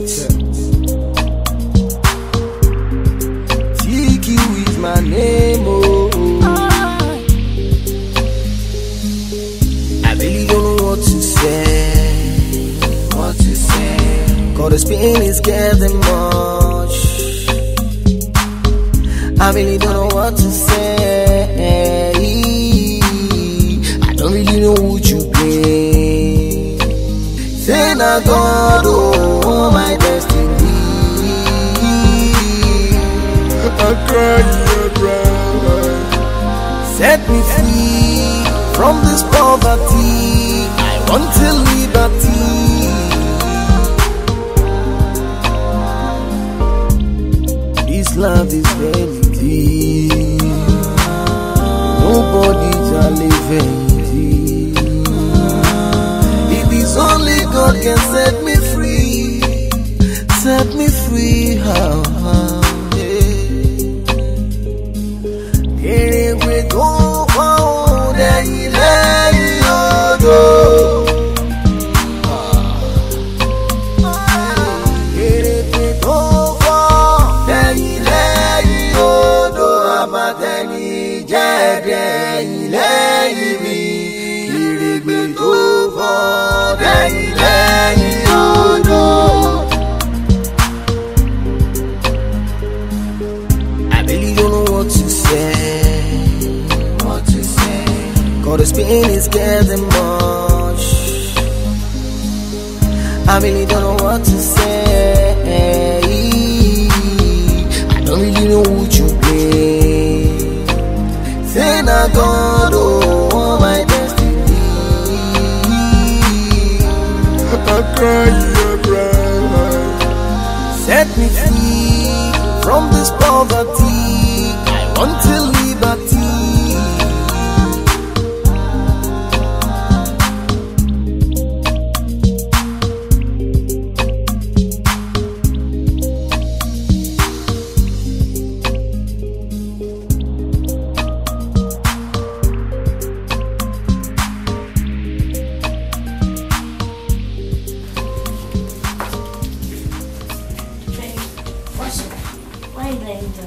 beats.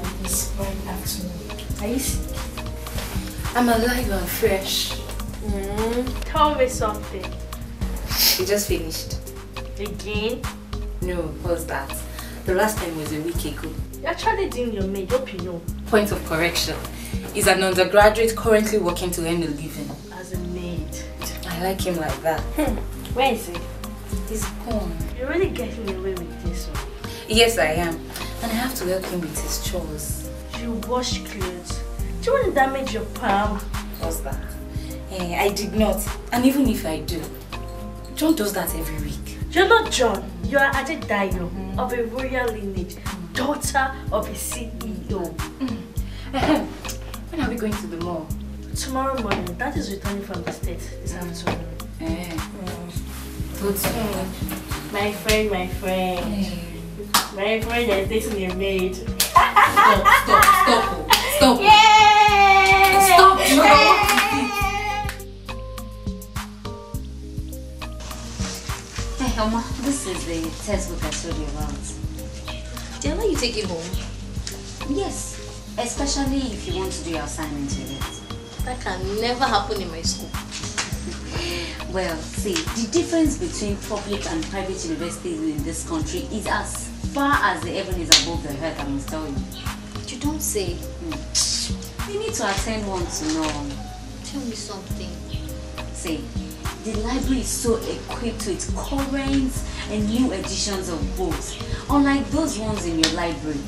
on this fine afternoon. Are you sick? I'm alive and fresh. Mm, tell me something. You just finished. Again? No, what's that? The last time was a week ago. You actually did your maid, hope you know. Point of correction. Is an undergraduate currently working to earn a living. As a maid. I like him like that. Hmm. Where is he? He's gone. You're really getting away with this one. Yes, I am and I have to help him with his chores. You wash clothes. Do you want to damage your palm? What's that? Eh, I did not. And even if I do, John does that every week. You're not John. You are Adedayo mm. of a royal lineage, daughter of a CEO. Mm. when are we going to the mall? Tomorrow morning. Dad is returning from the state this mm. afternoon. Eh. Mm. Good. Mm. My friend, my friend. Hey. Eh. My friend is dating your maid. Stop, stop, stop, stop. Yay! Stop, you know what Hey, Helma, this is the textbook I showed you about. They'll let you take it home? Yes, especially if you want to do your assignment with it. That can never happen in my school. well, see, the difference between public and private universities in this country is as far as the heaven is above the earth, I must tell you. You don't say. Mm. You need to attend one to know. Tell me something. Say, the library is so equipped with current and new editions of books, unlike those ones in your library.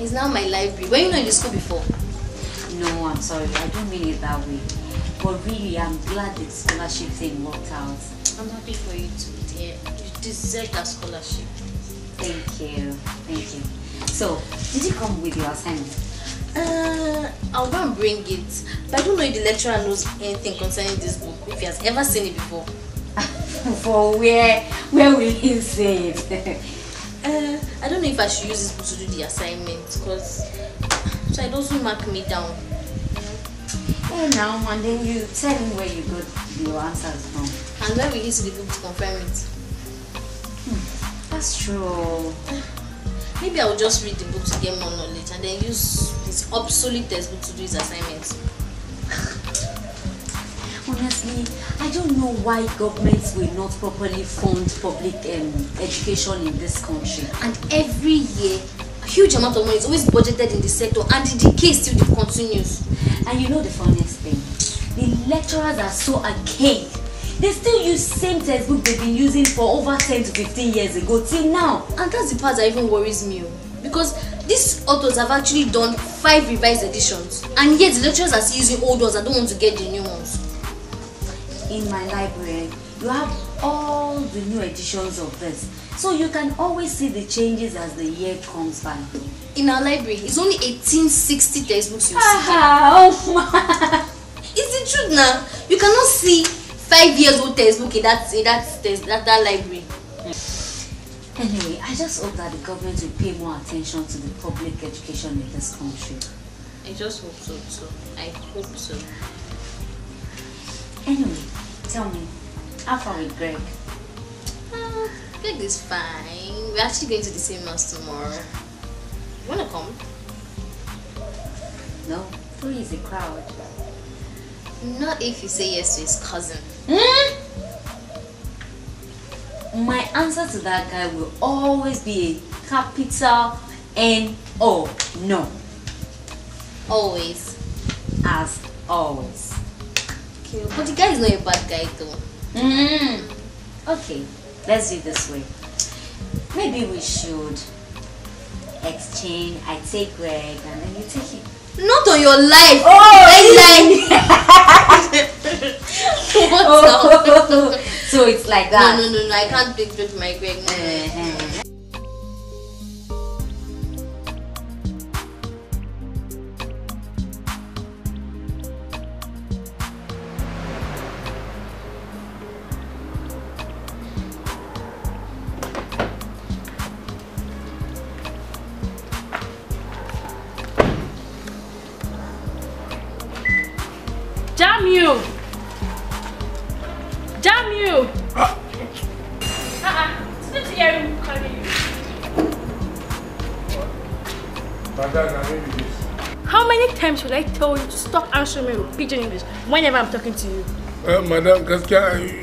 It's now my library. Were you not in the school before? No, I'm sorry. I don't mean it that way. But really, I'm glad the scholarship thing worked out. I'm happy for you too, dear. You deserve that scholarship. Thank you. Thank you. So, did you come with your assignment? Uh, I'll go and bring it. But I don't know if the lecturer knows anything concerning this book, if he has ever seen it before. For where? Where will he see it? uh, I don't know if I should use this book to do the assignment because so it also mark me down. Oh now, and then you tell him where you got your answers from. And where will he see the book to confirm it? That's true. Maybe I'll just read the book to get more knowledge and then use this obsolete textbook to do his assignments. Honestly, I don't know why governments will not properly fund public um, education in this country. And every year, a huge amount of money is always budgeted in the sector and the decay still continues. And you know the funniest thing? The lecturers are so archaic They still use same textbook they've been using for over ten to fifteen years ago till now. And that's the part that even worries me. Oh. Because these authors have actually done five revised editions and yet the lecturers are still using old ones and don't want to get the new ones. In my library, you have all the new editions of this. So you can always see the changes as the year comes by. In our library, it's only 1860 textbooks you ah, see. Ah, oh my. It's the truth now. You cannot see five years old textbook in that in eh, that text, that, that library. Anyway, I just hope that the government will pay more attention to the public education in this country. I just hope so too. I hope so. Anyway, tell me, how far with Greg? Uh, Greg is fine. We're actually going to the same house tomorrow. You wanna come? No, too easy crowd. Not if you say yes to his cousin. Hmm? My answer to that guy will always be a capital N O. No. Always. As always. Okay, but the guy is not a bad guy though. Hmm. Okay, let's do it this way. Maybe we should exchange. I take Greg and then you take him. Not on your life. Oh, like, oh. so it's like that. No, no, no, no. I can't big judge my Greg. show me pidgin English whenever I'm talking to you. Uh, madam, because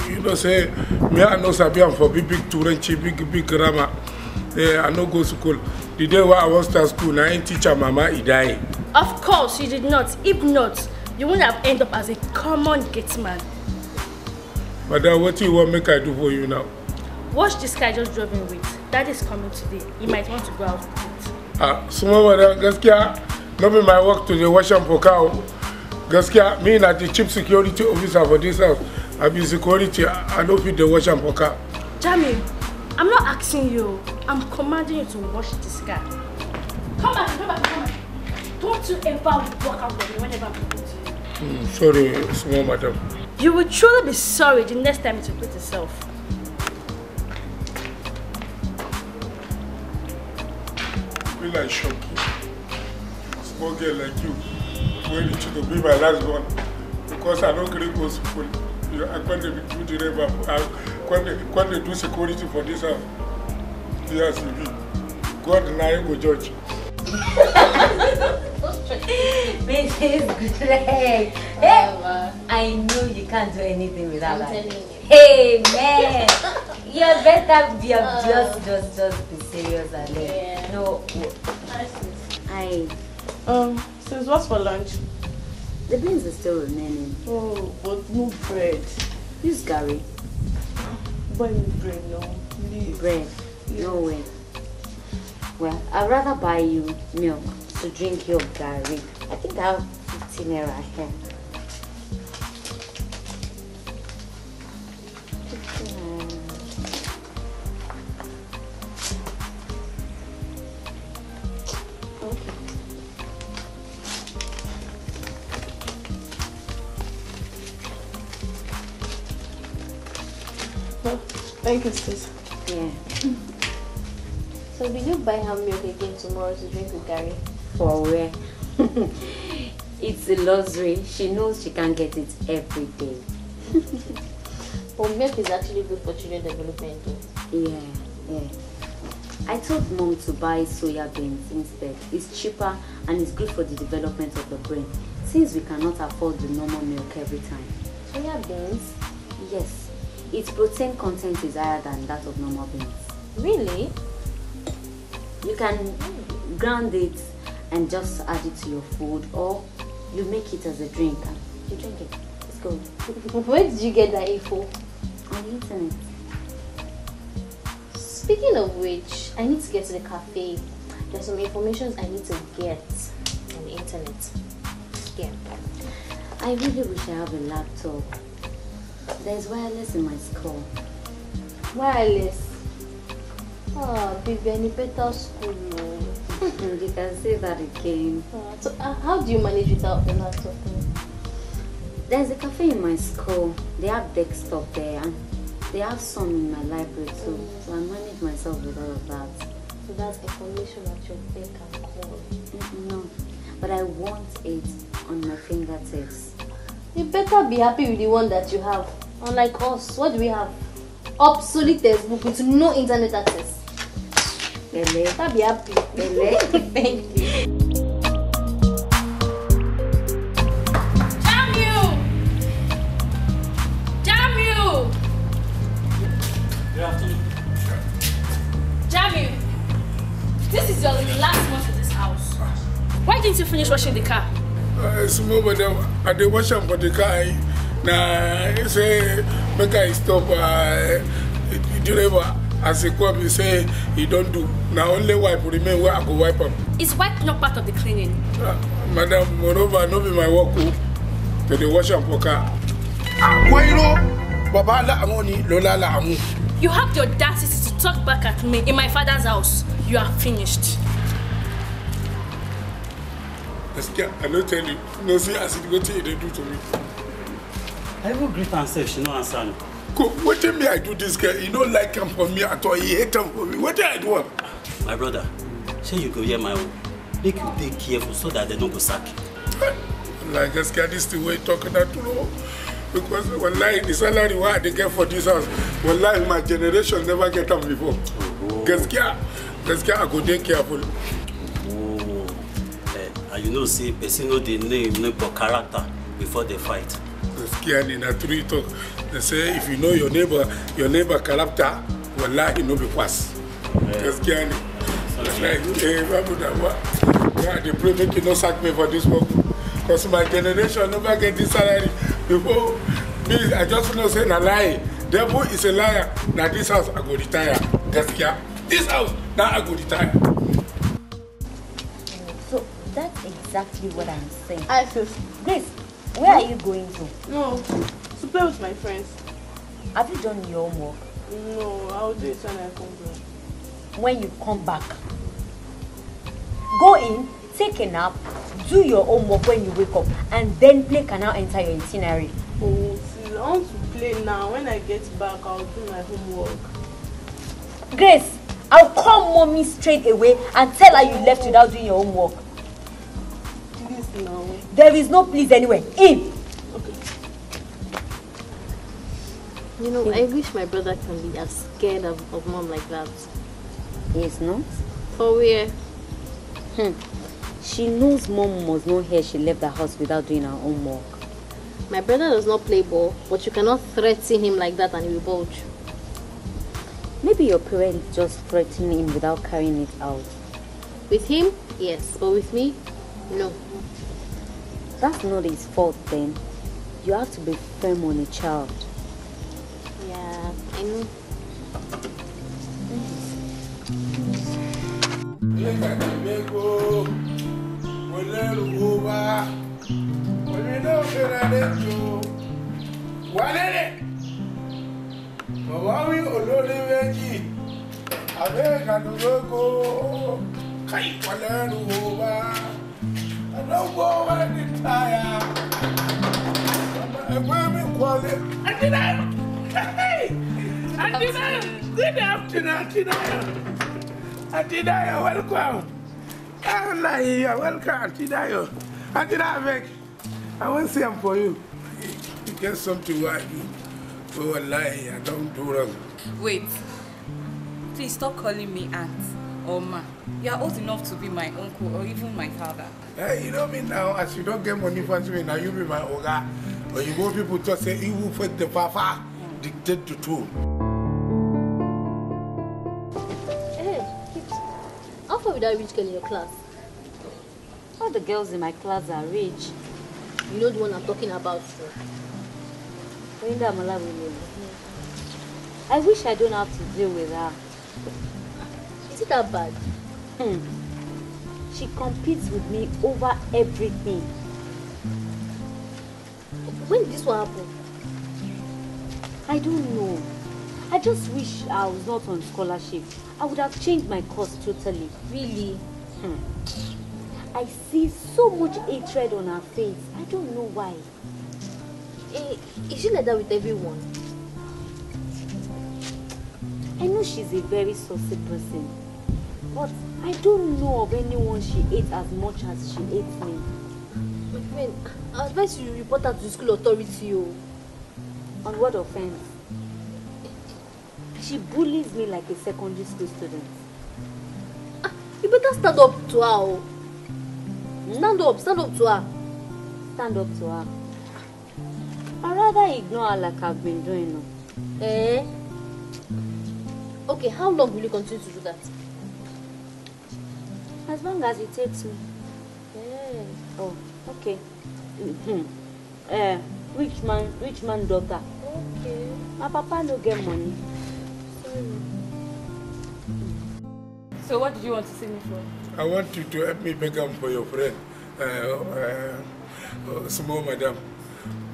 you know say me I no sabi am for big big turanci big big grammar. Yeah, I no go school. The day when I was start school, na im teacher mama he die. Of course you did not. If not, you wouldn't have end up as a common gate man. Madam, wetin you want make I do for you now? Watch this guy just driving with. That is coming today. He might want to go out with it. Ah, small madam, gaskiya no be my work today. dey wash am for cow gaskiya me na the chief security officer for this house i be security i no fit dey wash am for car. jami i'm not asking you i'm commanding you to wash this car come back come back come back don't you ever walk out for me whenever i'm talking to you. Mm, sorry small matter. you will truly be sorry the next time it repeats itself. be like shock small girl like you going to be my last one because I don't gree go school. When they do the river, when they, when they do security for this house, yes, God na you go judge. This is great. Hey, I know you can't do anything without that. Hey, man. you better be uh, just, just, just be serious and then. Yeah. No. I, um, Since what's for lunch? The beans are still remaining. Oh, but no bread. Use Gary. Buy me bread now. Please. Bread? Please. No way. Well, I'd rather buy you milk to drink your Gary. I think I have 15 naira here. Thank you, sis. Yeah. So will you buy her milk again tomorrow to drink with Gary? For where? it's a luxury. She knows she can not get it every day. but milk is actually good for children development. Yeah, yeah. I told mom to buy soya beans instead. It's cheaper and it's good for the development of the brain since we cannot afford the normal milk every time. Soya beans? Yes its protein content is higher than that of normal beans. Really? You can ground it and just add it to your food or you make it as a drink. You drink it. It's good. Where did you get that info? On the internet. Speaking of which, I need to get to the cafe. There's some information I need to get on the internet. Yeah. I really wish I have a laptop there's wireless in my school. Wireless? Oh, ah, Vivian, better school. you can say that again. Uh, so, uh, how do you manage without the laptop? There's a cafe in my school. They have desktop there. They have some in my library too. Mm. So I manage myself with all of that. So that's information that your bank can call. No, but I want it on my fingertips. You better be happy with the one that you have. Unlike us, what do we have? Obsolete textbook with no internet access. Bele. Better be happy. Bele. Thank you. Jamil, this is your last month in this house. Why didn't you finish washing the car? small brother, I did watch him for the guy. Now, he say, make I stop. Uh, driver, as he come, he say, he don't do. Now, only wipe remain where I go wipe him. Is wipe not part of the cleaning? Uh, madam, moreover, no be my work. Oh. To the wash and for car. Aguero, ah, Baba Laamoni, Lola Laamu. You have the audacity to talk back at me in my father's house. You are finished. Gaskiya, I no tell you. No see as it what they do to me. I even greet and say, she no answer me. Ko wetin me I do this girl, you don't like am for me at all, you hate am for me. Wetin I do My brother, say you go hear my own. Make you be careful so that they don't go sack you. Like gaskiya dis is wey you talk na true oo. Because wallahi the salary what they get for this house, one wallahi my generation never get them before. Gaskia, oh, oh. Gaskia, I go dey careful and you know say person know the name know but character before they fight. gaskiya na true talk they say if you know your neighbor your neighbor character wallahi no be pass gaskiya ne like eh babu damuwa god dey pray make you no sack me for this work because my generation never get this salary before me i just know say na lie devil is a liar na this house i go retire gaskiya this house now i go retire. exactly what I'm saying. I feel. Grace, where are you going to? No, to play with my friends. Have you done your homework? No, I'll do it when I come back. When you come back, go in, take a nap, do your homework when you wake up, and then play can now enter your itinerary. Oh, I want to play now. When I get back, I'll do my homework. Grace, I'll call mommy straight away and tell her you left without doing your homework. No. There is no please anywhere. In. Okay. You know, In. I wish my brother can be as scared of, of mom like that. He is not. For where? Hmm. She knows mom was not here. She left the house without doing her own work. My brother does not play ball, but you cannot threaten him like that and he will bulge. Maybe your parents just threatened him without carrying it out. With him, yes, but with me, no. That's not his fault then. You have to be firm on a child. Yeah, I know. wàlẹ́lẹ̀ bàbá I don't Hey! I did that. Did that. Welcome. Allah, you welcome. Did that. I I want to see him for you. You get something right. Oh, Allah, I don't do wrong. Wait. Please stop calling me aunt or ma. You are old enough to be my uncle or even my father. Hey, you know me now. As you don't get money from me now, you be my oga. But you go people just say, you will fight the papa, dictate the tune. Hey, how far would I reach girl in your class? All the girls in my class are rich. You know the one I'm talking about. Linda Malawi. I wish I don't have to deal with her. Is it that bad? Hmm. She competes with me over everything. When did this will happen? I don't know. I just wish I was not on scholarship. I would have changed my course totally. Really? Hmm. I see so much hatred on her face. I don't know why. Eh, is she like that with everyone? I know she's a very saucy person, but I don't know of anyone she ate as much as she ate me. My friend, I advise you report her to the school authority. Oh. On what offense? She bullies me like a secondary school student. Ah, you better stand up to her. Oh. Hmm? Stand up, stand up to her. Stand up to her. I rather ignore her like I've been doing. Eh? Okay, how long will you continue to do that? As long as it takes me. Yeah. Oh, okay. Mm-hmm. Uh, rich man, rich man daughter. Okay. My papa no get money. Sorry. So what do you want to see me for? I want you to help me become for your friend, uh, uh, small madam.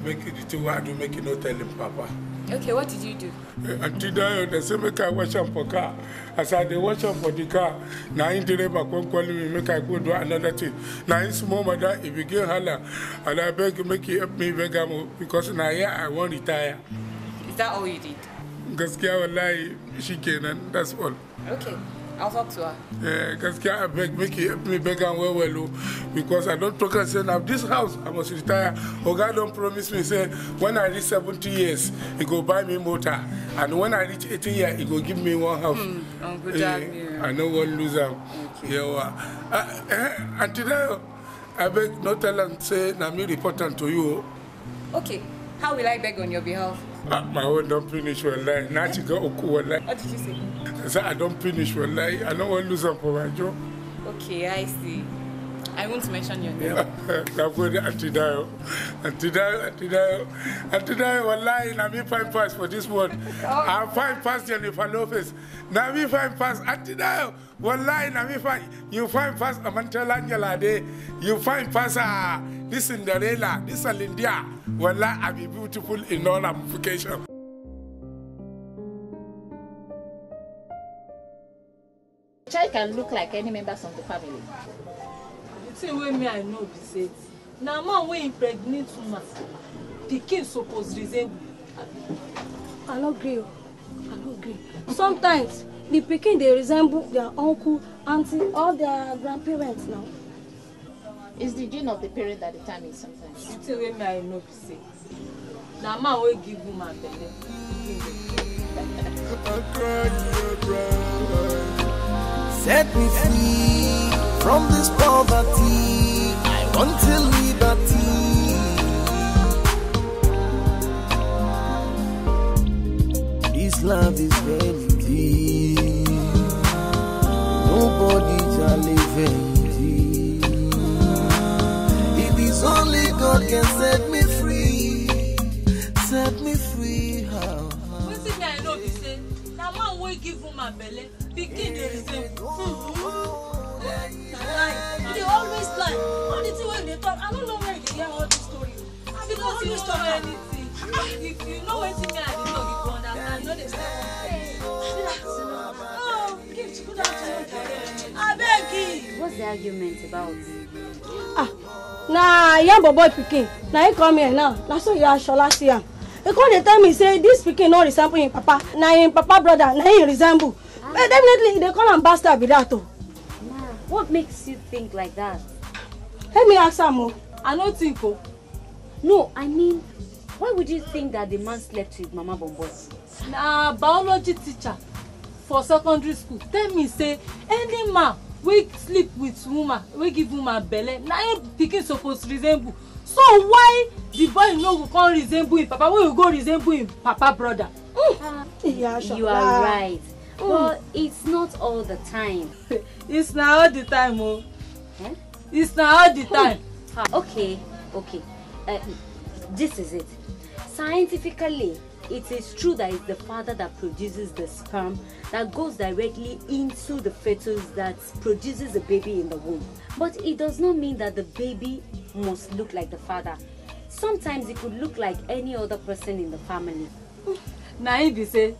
Make it to hard to make it no tell him, Papa. Okay, what did you do? Until Auntie Dayo, they say make I eh, wash up for car. I said they wash up for the car, now in the neighbor come call me, make I go do another thing. Now in small mother, if you get holler, and I beg make you help me beg oh, because now here I won't retire. Is that all you did? she wallahi and that's all. Okay. I'll talk to her. Eh, Gaskiya I beg make you help me beg and well well o oh. because I don't talk am say na this house I must retire. Oga don't promise me say when I reach seventy years he go buy me motor and when I reach eighty years he go give me one house. Mm, Uncle Jack, eh, yeah. I no wan lose am. Okay. Yawa. Uh, ah, eh, Aunty Dayo, abeg no tell am say na me report am to you oh. Okay, how will I beg on your behalf? my own don't finish well Now well What did you say? I said I don't finish well lie. I don't want to lose up for my job. Okay, I see. I won't mention your name. I'm going to Antidio. Antidio, Antidio. Antidio, wallahi, i me fine pass for this one. i I find pass Jennifer Lopez. Now we find pass Antidio. Wallahi, na me find. You find pass Amantela Angela Day. You find pass. Uh, this Cinderella, this Alindia, well, I be beautiful in all ramifications. Child can look like any members of the family. see, wey me I know be say, Now, man wey impregnate woman, king supposed resemble. I no agree. I no agree. Sometimes the pikin they resemble their uncle, auntie, all their grandparents now. It's the gene of the parent that determines sometimes. You tell me I know be say, Now, man will give my belly. Set me free from this poverty. I want to liberty. one boy pikin na him come here now na so your ashola see am e come dey tell me say this pikin no resemble him papa na him papa brother na him resemble ah. but definitely dey call am bastard be that o. Oh. ma what makes you think like that. help me ask am o. Oh. i no think o. Oh. no i mean why would you think that the man slept with mama bomboi. na biology teacher for secondary school tell me say any man wey sleep with woman wey give woman belle na im pikin suppose resemble so why the boy no go come resemble im papa wey go resemble im papa brother. Uh, you are right mm. but it's not all the time. it's na all the time o. Oh. Eh? it's na all the hmm. time. Ah, okay okay uh, this is it scientifically it is true that it's the father that produces the sperm that goes directly into the fetus that produces the baby in the womb. But it does not mean that the baby must look like the father. Sometimes it could look like any other person in the family. Na if you say,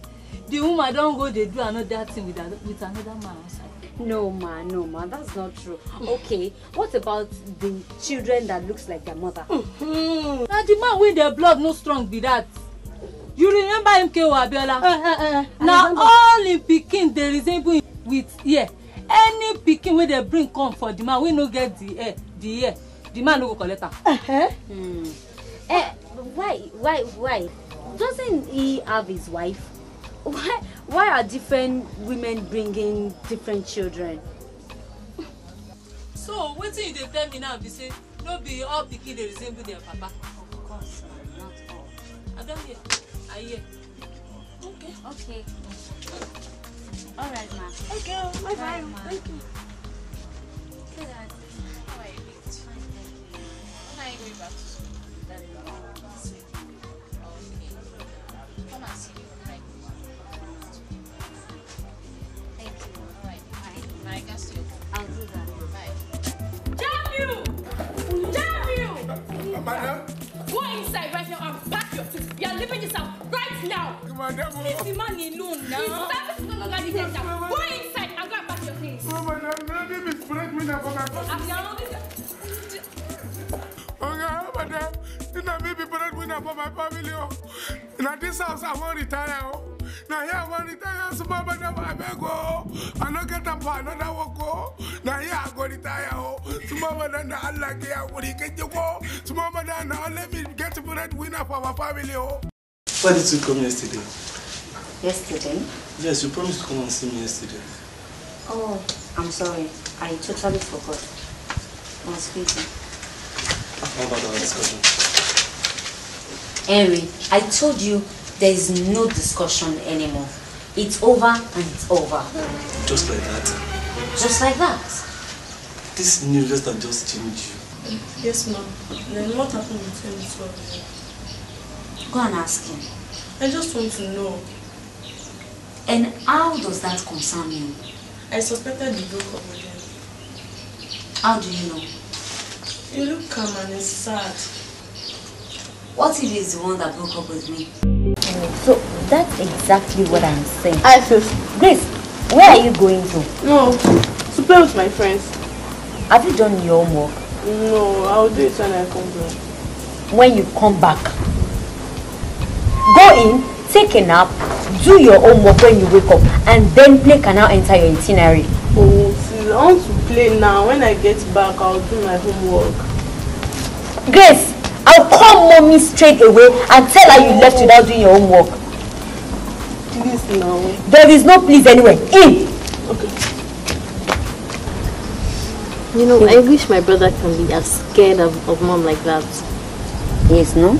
the woman don't go they do another thing with, another, with another man outside. No ma, no ma, that's not true. Okay, what about the children that looks like their mother? Hmm. Now the man with their blood no strong be that. you remember mko abiola uh, na all im pikin dey resemble with ear any pikin wey dey bring come for the man wey no get the ear the ear the man no go collect am. -huh. mm. eh, why why why doesn't he have his wife why why are different women bringing different children. so wetin you dey tell me now be say no be all pikin dey resemble their papa. of course not all. i don hear. Okay. Okay. All right, ma. Okay, bye bye. bye. Thank you. madam. Leave the man alone now. His no longer needed. Go inside and grab back your things. No, madam. Lady misbreak me now for my I'm not Oga, madam. You know me be breadwinner for my family. Now this house I won't retire. Now here I won't retire. So my madam, I beg go. I no get up for another work go. Now here I go retire. So my madam, na Allah ke I go get you go. So my madam, now let me get breadwinner for my family. Why did you come yesterday? Yesterday? Yes, you promised to come and see me yesterday. Oh, I'm sorry. I totally forgot. I was busy. How about our discussion? Henry, I told you there is no discussion anymore. It's over and it's over. Just like that? Just like that? This news has just changed you. Yes, ma'am. Then what happened between the two of you? Go and ask him. I just want to know. And how does that concern you? I suspected the broke up with him. How do you know? You look calm and it's sad. What if he's the one that broke up with me? so that's exactly what I'm saying. I feel... Grace, where are you going to? No, to play with my friends. Have you done your homework? No, I'll do it when I come back. When you come back? Go in, take a nap, do your homework when you wake up, and then play can now enter your itinerary. Oh, sis, I want to play now. When I get back, I'll do my homework. Grace, I'll call mommy straight away and tell her you left without doing your homework. Please no. There is no please anywhere. In! Okay. You know, I wish my brother can be as scared of, of mom like that. He's not.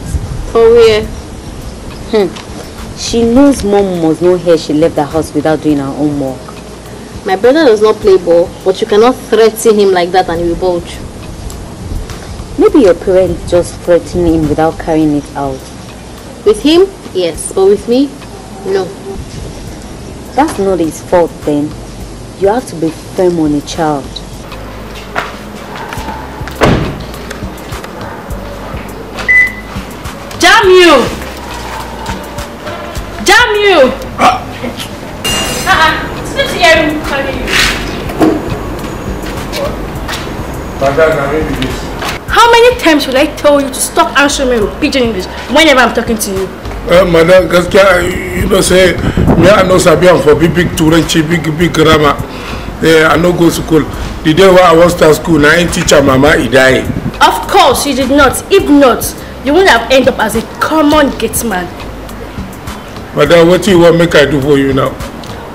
For where? Hmm. She knows mom was not here. She left the house without doing her own work. My brother does not play ball, but you cannot threaten him like that and he will bulge. Maybe your parents just threaten him without carrying it out. With him, yes, but with me, no. That's not his fault then. You have to be firm on a child. Damn you! you. Ah. Uh-uh. It's not hearing calling you. How many times will I tell you to stop answering me with pidgin English whenever I'm talking to you? Uh, madam, because you know say me I no sabian for big big turanci big big grammar. Yeah, I no go to school. The day when I was at school, na im teacher mama he die. Of course you did not. If not, you wouldn't have ended up as a common gate man. Madam, what do you want make I do for you now?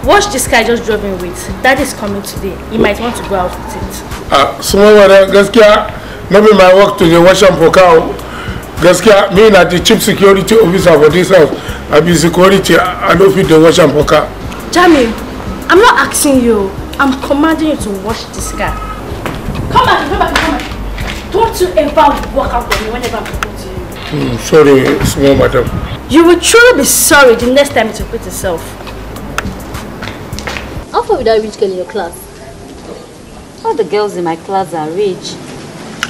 Watch this guy just driving with. Dad is coming today. He might want to go out with it. Ah, small madam, eh? gaskiya, no be my work to the wash and for cow. Gaskiya, me na the chief security officer for this house. I be security, I no fit dey wash and for cow. Jamil, I'm not asking you. I'm commanding you to wash this guy. Come back, come back, come back. Don't you ever walk out for me whenever I'm talking to you. Mm, sorry, small madam. You will truly be sorry the next time it repeats itself. How far would I reach girl in your class? All the girls in my class are rich.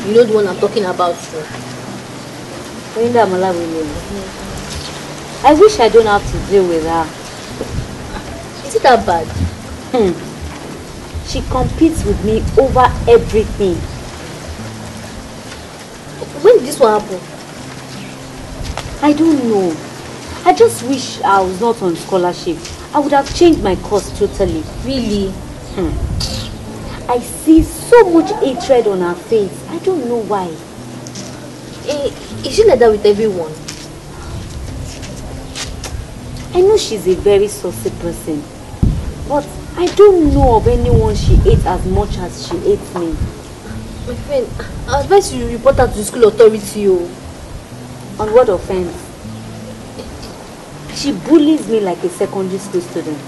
You know the one I'm talking about. with you. I wish I don't have to deal with her. Is it that bad? Hmm. She competes with me over everything. When did this one happen? I don't know. I just wish I was not on scholarship. I would have changed my course totally. Really. Hmm. I see so much hatred on her face. I don't know why. Eh, is she like that with everyone? I know she's a very saucy person, but I don't know of anyone she hates as much as she hates me. My friend, I advise you report her to the school authority. Oh. On what offense? She bullies me like a secondary school student.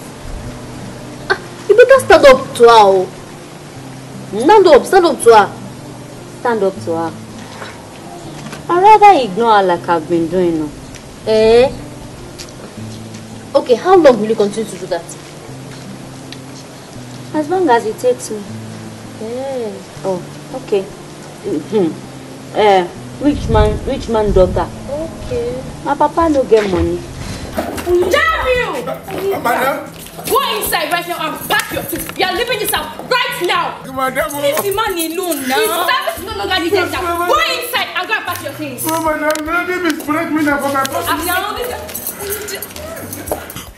Ah, you better stand up to her. Oh. Stand up, stand up to her. Stand up to her. I rather ignore her like I've been doing now. Eh? Okay, how long will you continue to do that? As long as it takes me. Eh. Oh, okay. Mm-hmm. Eh, rich man, rich man daughter. Okay. My papa no get money. Jamiu! Madam? Go inside right now and pack your things. You are leaving this house right now. Madam, Leave the man alone now. His service is no longer needed now. Go inside and go and pack your things. Oh madam, no, they misplaced me now for my purse.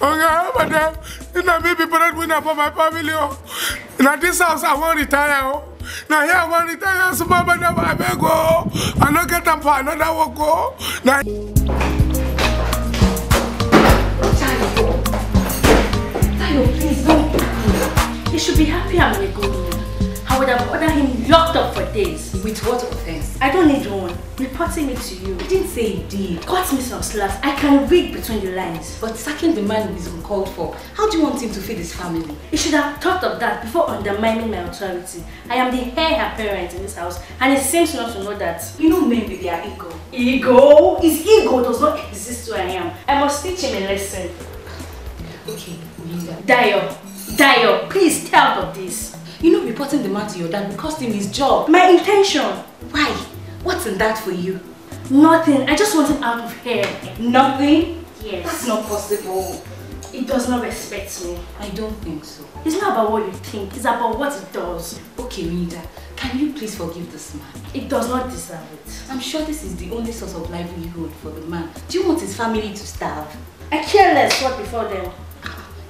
Oh now Oga, madam, you know me be breadwinner for my family. Oh, Na this house I wan retire Oh, Na here I wan retire So madam I may go. Oh. I no get am for another work o. Oh. Now. should be happy I'm in a good mood. I would have ordered him locked up for days. With what offense? I don't need one. Reporting it to you. I didn't say he did. Cut me some slack. I can read between the lines. But sacking the man is uncalled for. How do you want him to feed his family? He should have thought of that before undermining my authority. I am the heir apparent in this house and he seems not to know that. You know men with their ego. Ego? His ego does not exist where I am. I must teach him a lesson. Okay, Olinda. Dayo. Dio, please tell of this. You know reporting the man to your dad will cost him his job. My intention. Why? What's in that for you? Nothing. I just want him out of here. Nothing? Yes. That's not possible. It does not respect me. I don't think so. It's not about what you think. It's about what it does. Okay, Rita. Can you please forgive this man? It does not deserve it. I'm sure this is the only source of livelihood for the man. Do you want his family to starve? I care less what before them.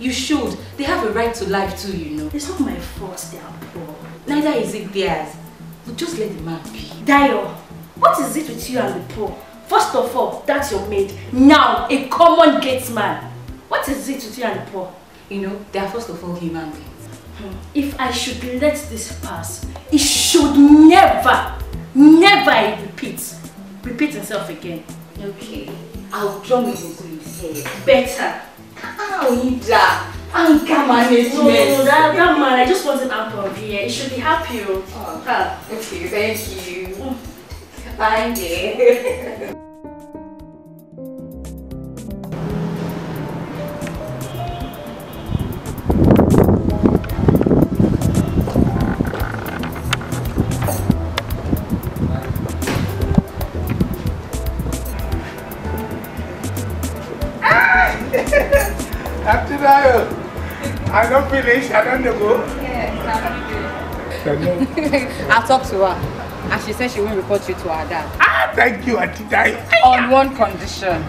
You should. They have a right to life too, you know. It's not my fault they are poor. Neither is it theirs. But just let the man be. Dayo, what is it with you and the poor? First of all, that's your maid. Now, a common gate man. What is it with you and the poor? You know, they are first of all human beings. Hmm. If I should let this pass, it should never, never repeat, repeat itself again. Okay, I'll drum it into your head. Better. Aida, anger management. No, oh, that, that man, I just wanted out of here. He should be happy. Oh, ah. okay, thank you. Mm. Bye, dear. don't finish. I don't go. Yes, I'll talk to her. And she said she won't report you to her dad. Ah, thank you, Auntie Dai. On one condition.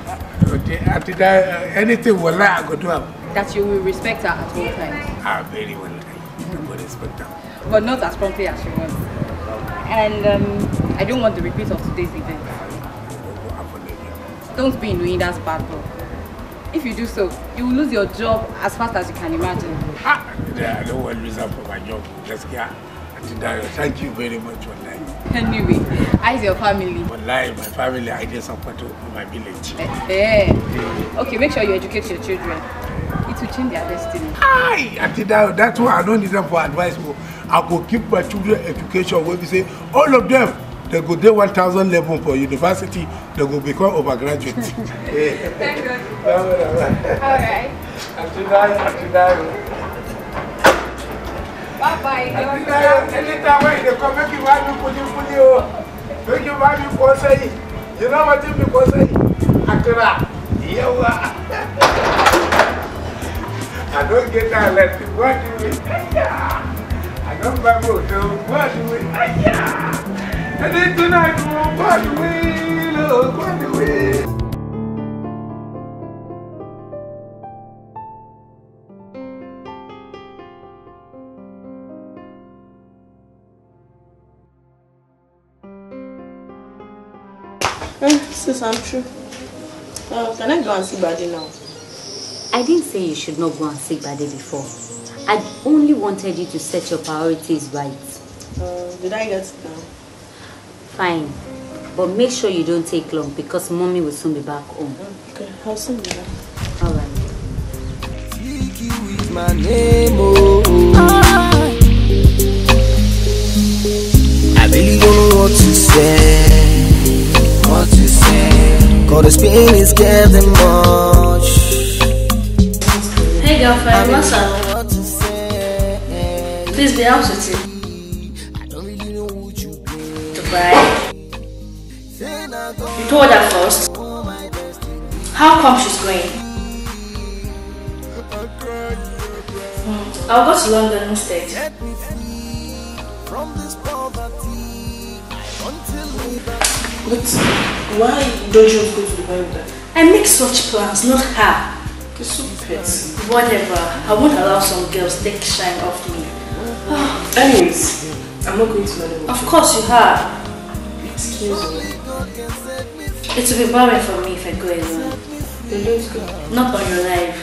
Okay, Auntie Dai, anything will lie, I go do her. That you will respect her at all times. Ah, very well. I will respect her. But not as promptly as she was. And um, I don't want the repeat of today's event. Oh, oh, oh, don't be in Luinda's battle. If you do so, you will lose your job as fast as you can imagine. Ah, I don't want to lose out for my job. Just yeah. Dayo, thank you very much for Anyway, how is your family? For my family, I get support from my village. Eh, eh, Okay, make sure you educate your children. It will change their destiny. Aye, Auntie that's why I don't need them for advice. I will keep my children education. When we say all of them they go dey 1000 level for university they go become overgraduate. thank god. all right. àtúndáyé àtúndáyé. bye bye. àtúndáyé anytime wey come make you wan do kulikuli o make you wan do you know wetin be kosai akara I don't get that letter. What do we? I don't buy motor. What do we? And then tonight we won't party way, party way. Eh, sis, I'm true. Uh, can I go and see Buddy now? I didn't say you should not go and see Buddy before. I only wanted you to set your priorities right. Uh, did I get it now? Fine. But make sure you don't take long because mommy will soon be back home. Okay, how soon will I? Alright. my name, oh. I really don't know what to say. What to say. Cause this pain is getting much. Hey girlfriend, what's up? Please be out with you right? You told her first. How come she's going? Hmm. I'll go to London instead. But why don't you go to London? I make such plans, not her. You're so petty. Whatever. I won't allow some girls take shine off me. Anyways, I'm not going to London. Of course you have. Excuse me. It will be boring for me if I go alone. You Not on your life.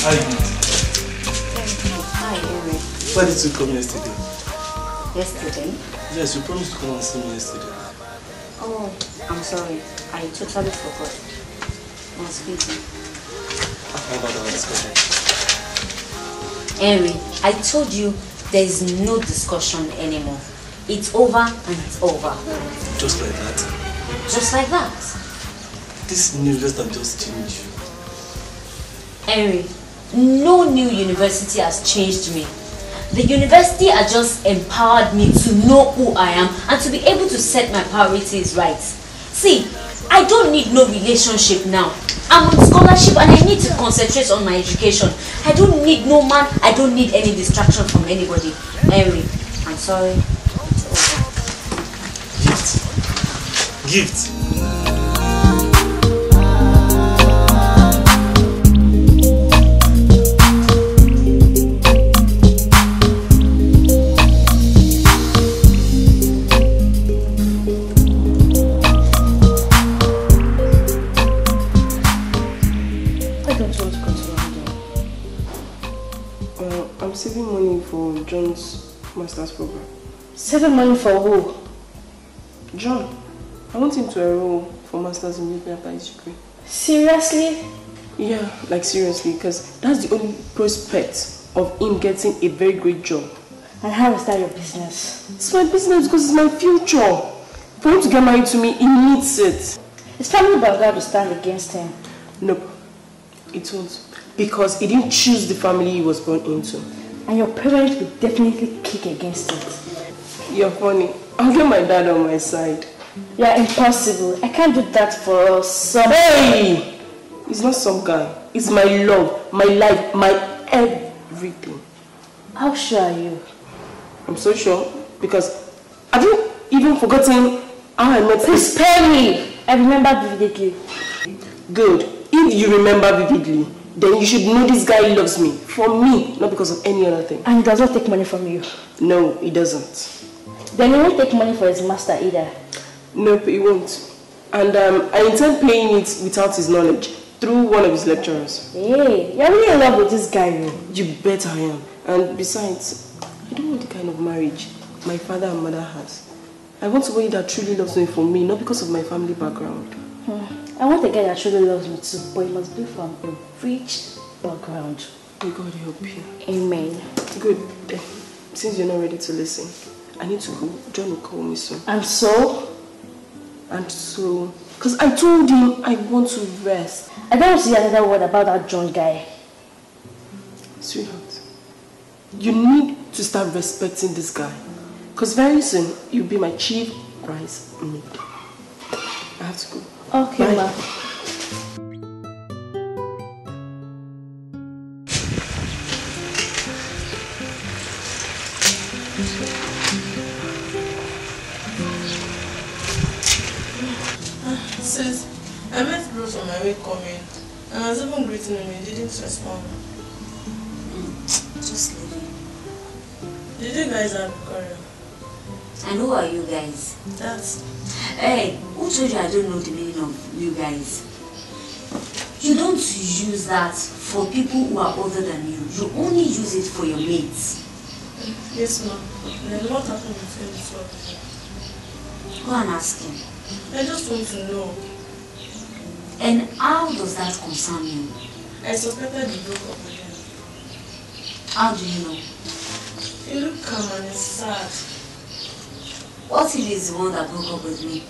Hi. Hi, Eric. Why did you come yesterday? Yesterday? Yes, you promised to come and see me yesterday. Oh, I'm sorry. I totally forgot. I was Henry, I told you there is no discussion anymore. It's over and it's over. Just like that? Just like that. This new has just changed you. Henry, no new university has changed me. The university has just empowered me to know who I am and to be able to set my priorities right. See, I don't need no relationship now. I'm on and I need to concentrate on my education. I don't need no man, I don't need any distraction from anybody. Anyway, I'm sorry. Gift. Gift. assistance program. Saving money for who? John. I want him to enroll for Masters in Nuclear Science degree. Seriously? Yeah, like seriously, because that's the only prospect of him getting a very great job. And how is that your business? It's my business because it's my future. For him to get married to me, he needs it. His family background to stand against him. Nope, it won't. Because he didn't choose the family he was born into. and your parents will definitely kick against it. You're funny. I'll get my dad on my side. You're impossible. I can't do that for us. Some hey! It's not some guy. It's my love, my life, my everything. How sure are you? I'm so sure because have you even forgotten how I met Please spare me! I remember vividly. Good. If you remember vividly, then you should know this guy loves me. For me, not because of any other thing. And he does not take money from you? No, he doesn't. Then he won't take money for his master either? Nope, he won't. And um, I intend paying it without his knowledge, through one of his lecturers. Hey, you're really in love with this guy, you. You bet I am. And besides, I don't want the kind of marriage my father and mother has. I want somebody that truly loves me for me, not because of my family background. Hmm. I want a guy that truly loves me too, but he must be from a rich background. May God help you. Amen. Good. Since you're not ready to listen, I need to go. John will call me soon. And so? And so... Because I told him I want to rest. I don't see another word about that John guy. Sweetheart, you need to start respecting this guy. Because very soon, you'll be my chief rice maker. I have to go. Okay, Bye. ma. Ah, sis, I met Bruce on my way coming, and I was even greeting him, he didn't respond. Mm, just leave Did you guys have a quarrel? And who are you guys? That's... Hey, who told you I don't know the meaning of you guys? You don't use that for people who are older than you. You only use it for your mates. Yes, ma'am. A lot happened with him before. Go and ask him. I just want to know. And how does that concern you? I suspected he broke up with him. How do you know? He looked calm and sad. What is the one that broke up with me.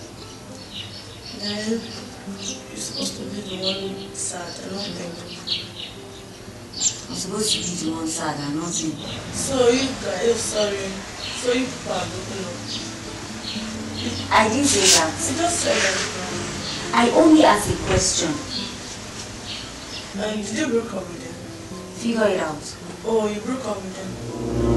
Uh, you're supposed to be the one sad and not angry. I'm supposed to be the one sad and not you. So you are sorry. So you are broken up. I didn't say that. You just said that. I only asked a question. And you break up with them? Figure it out. Oh, you broke up with them.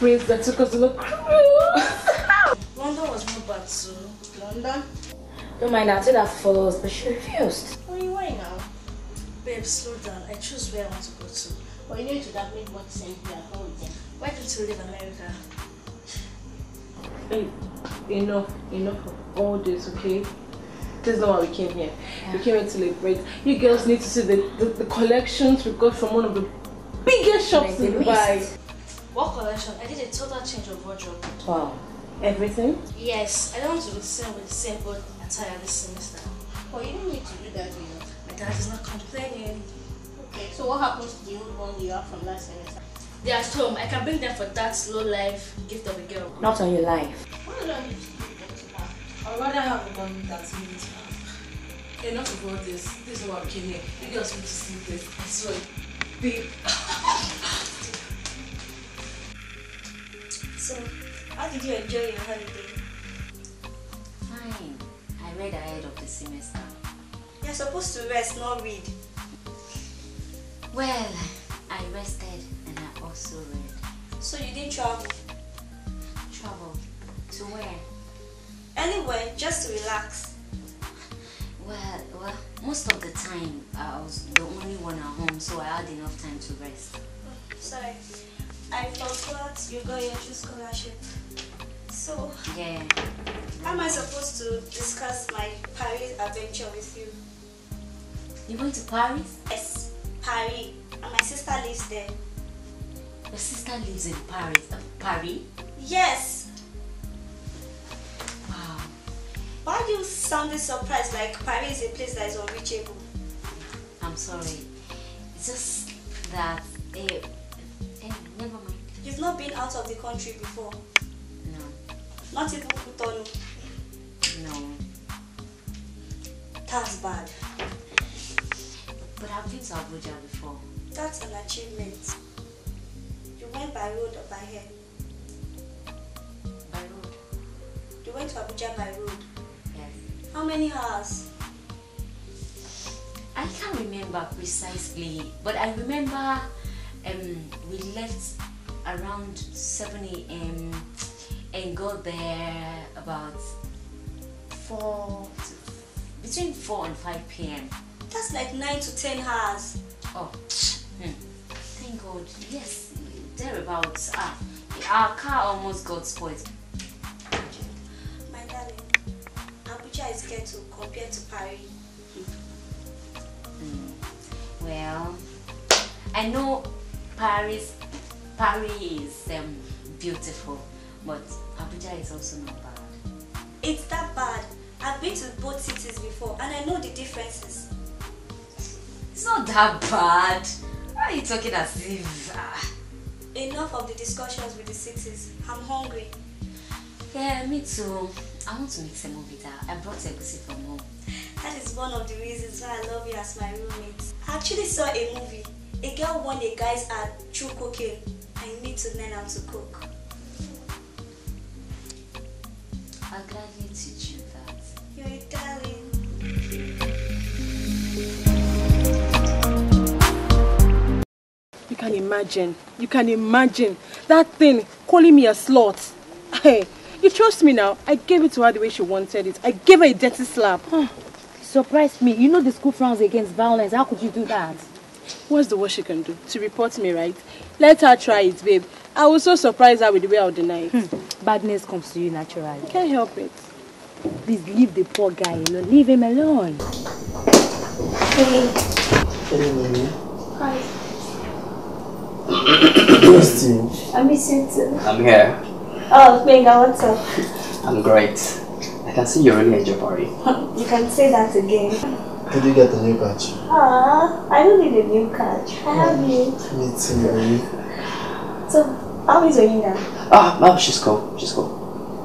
prince that took us on look cruel. London was not bad too. London? Don't mind, I'll tell her follow us, but she refused. Wait, why now? Babe, slow down. I choose where I want to go to. But you know it would have made more sense here Why did not you leave America? enough, enough of all this, okay? This is not why we came here. Yeah. We came here to celebrate. You girls need to see the, the, the collections we got from one of the biggest shops in Dubai. What collection? I did a total change of wardrobe. Wow. Everything? Yes. I don't want to be same with the same old attire this semester. But you don't need to do that, you know. My dad is not complaining. Okay, so what happens to the old one you have from last semester? They are at home. I can bring them for that slow life gift of a girl. Not on your life. Why do I'd rather have a that's that to have. Enough about this. This is why i came here. You guys need to see this. I swear. Babe. So, how did you enjoy your holiday? Fine. I read ahead of the semester. You're supposed to rest, not read. Well, I rested and I also read. So you didn't travel? Travel? To where? Anywhere, just to relax. Well, well, most of the time I was the only one at home, so I had enough time to rest. Oh, sorry. I forgot you got your true scholarship. So, yeah. how am I supposed to discuss my Paris adventure with you? you going to Paris? Yes, Paris. And my sister lives there. Your sister lives in Paris? Uh, Paris? Yes. Wow. Why are you sounding surprised like Paris is a place that is unreachable? I'm sorry. It's just that... Uh, Never mind. You've not been out of the country before? No. Not even Kutonu? No. That's bad. But I've been to Abuja before. That's an achievement. You went by road or by air? By road. You went to Abuja by road? Yes. How many hours? I can't remember precisely, but I remember um, we left around 7 a.m. and got there about 4 between 4 and 5 p.m. That's like 9 to 10 hours. Oh, hmm. thank God. Yes, thereabouts. Ah, our car almost got spoiled. My darling, Abuja is ghetto compared to Paris. Hmm. hmm. Well, I know Paris, Paris is um, beautiful, but Abuja is also not bad. It's that bad. I've been to both cities before and I know the differences. It's not that bad. Why are you talking as if... Ah? Enough of the discussions with the cities. I'm hungry. Yeah, me too. I want to make some bitter. I brought egusi from home. That is one of the reasons why I love you as my roommate. I actually saw a movie a girl won a guy's at true cooking. I need to learn how to cook. I'll gladly teach you that. You're a darling. You can imagine. You can imagine. That thing calling me a slut. Hey, you trust me now. I gave it to her the way she wanted it. I gave her a dirty slap. Huh. Surprised me. You know the school frowns against violence. How could you do that? What's the worst she can do? To report me, right? Let her try it, babe. I was so surprised her with the way I'll deny it. Hmm. Badness comes to you naturally. You can't help it. Please leave the poor guy alone. Leave him alone. Hey. Hey. Hi. Justin. I am you too. I'm here. Oh, Benga, what's up? I'm great. I can see you really enjoy party. you can say that again. Did you get the new patch? Ah, I don't need a new patch. I have you. Me too, baby. So, how is Oyinda? Ah, no, oh, she's cool. She's cool.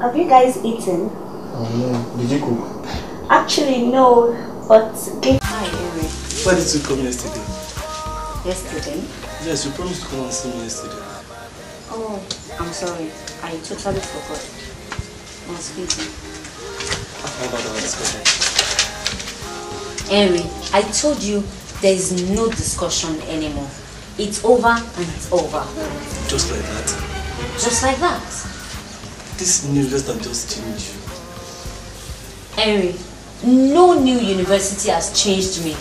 Have you guys eaten? Oh, no. Did you cook? Actually, no. But get Hi, Eric. Why did you come yesterday? Yesterday? Yes, you promised to come and see me yesterday. Oh, I'm sorry. I totally forgot. I was busy. How about the discussion? Henry, I told you there is no discussion anymore. It's over and it's over. Just like that? Just like that. This new less just changed you. Henry, no new university has changed me.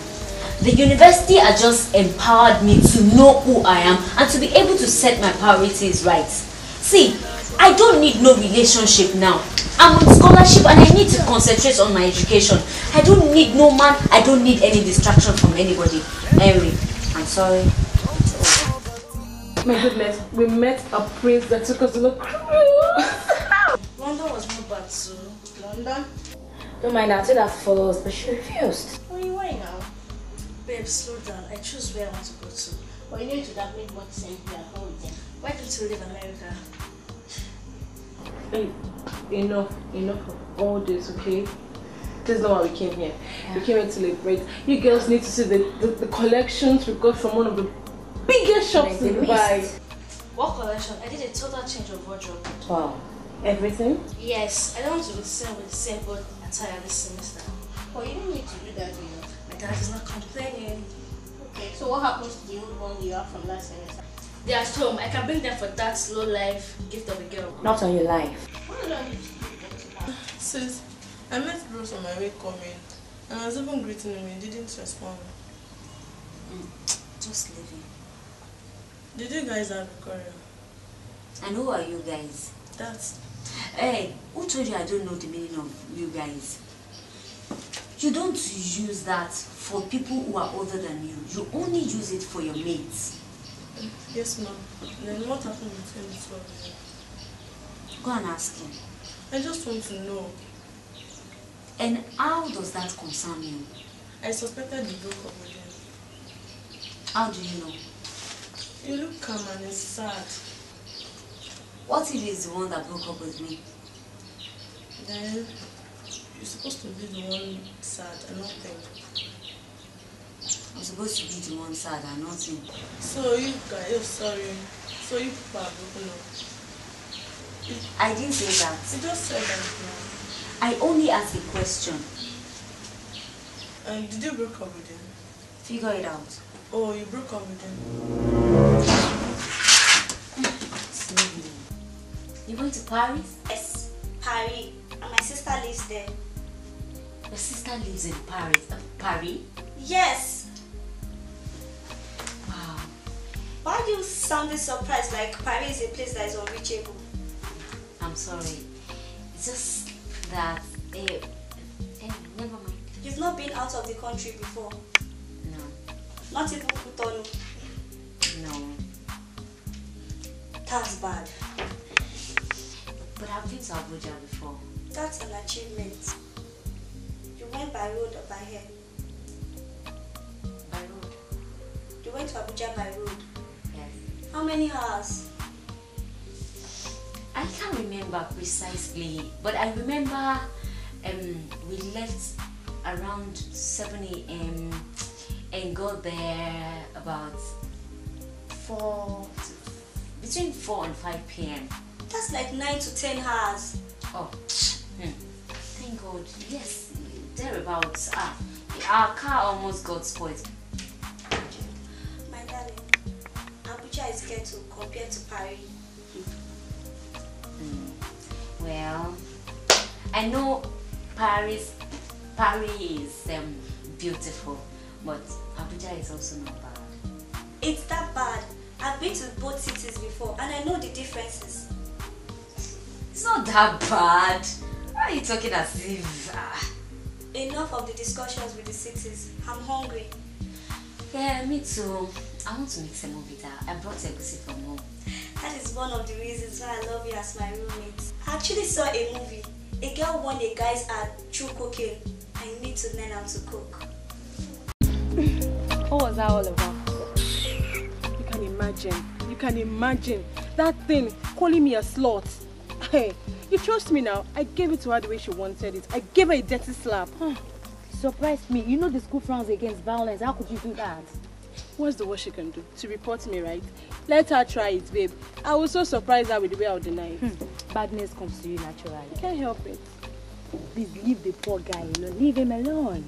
The university has just empowered me to know who I am and to be able to set my priorities right. See, I don't need no relationship now. I'm on scholarship and I need to concentrate on my education. I don't need no man. I don't need any distraction from anybody. Anyway, I'm sorry. My goodness, we met a prince that took us to the cruise. London was not bad too. London? Don't mind, I'll tell that us, but she refused. I why now? Babe, slow down. I choose where I want to go to. But you need to have made more sense here at Why don't you leave America? Hey, enough, enough of all this, okay? This is not why we came here. Yeah. We came here to celebrate. You girls need to see the, the, the collections we got from one of the biggest shops in Dubai. What collection? I did a total change of wardrobe. Wow. Everything? Yes. I don't want to be the same with the same old attire this semester. Well, you don't need to do that, you know. My dad is not complaining. Okay, so what happens to the old one you have from last semester? They are at home. I can bring them for that slow life gift of a girl. Not on your life. Sis. I met Bruce on my way coming, and I was even greeting him he didn't respond. Mm, just leave him. Did you guys have a quarrel? And who are you guys? That's... Hey, eh, who told you I don't know the meaning of you guys? You don't use that for people who are older than you. You only use it for your mates. Yes, ma'am. Then what happened between the two of you? Go and ask him. I just want to know. And how does that concern you? I suspected the broke up again. How do you know? You look calm and it's sad. What if he's the one that broke up with me? Then you're supposed to be the one sad and not him. I'm supposed to be the one sad and not him. So you guys, oh, sorry. So you people are broken up. I didn't say that. You just said that now. I only ask a question. Uh, did you break up with him? Figure it out. Oh, you broke up with him. you going to Paris? Yes, Paris. And my sister lives there. Your sister lives in Paris? Uh, Paris? Yes. Wow. Why do you sound surprised like Paris is a place that is unreachable? I'm sorry. It's just that they, eh, never mind. You've not been out of the country before? No. Not even Kutonu? No. That's bad. But I've been to Abuja before. That's an achievement. You went by road or by air? By road. You went to Abuja by road? Yes. How many hours? I can't remember precisely, but I remember um, we left around 7 a.m. and got there about 4 to, between 4 and 5 p.m. That's like 9 to 10 hours. Oh, hmm. thank God. Yes, thereabouts. Ah, our car almost got spoiled. My darling, Abuja is ghetto compared to Paris. Well, I know Paris, Paris is um, beautiful, but Abuja is also not bad. It's that bad. I've been to both cities before and I know the differences. It's not that bad. Why are you talking as if... Ah? Enough of the discussions with the cities. I'm hungry. Yeah, me too. I want to make semovita. I brought egusi from home. That is one of the reasons why I love you as my roommate. I actually saw a movie. A girl warned the guys are through cooking. I need to learn how to cook. what was that all about? You can imagine. You can imagine. That thing calling me a slut. Hey, you trust me now. I gave it to her the way she wanted it. I gave her a dirty slap. Surprised me. You know the school frowns against violence. How could you do that? What's the worst she can do? To report me, right? Let her try it, babe. I was so surprised her with the way I'll deny it. Hmm. Badness comes to you naturally. You can't help it. Please leave the poor guy alone. Leave him alone.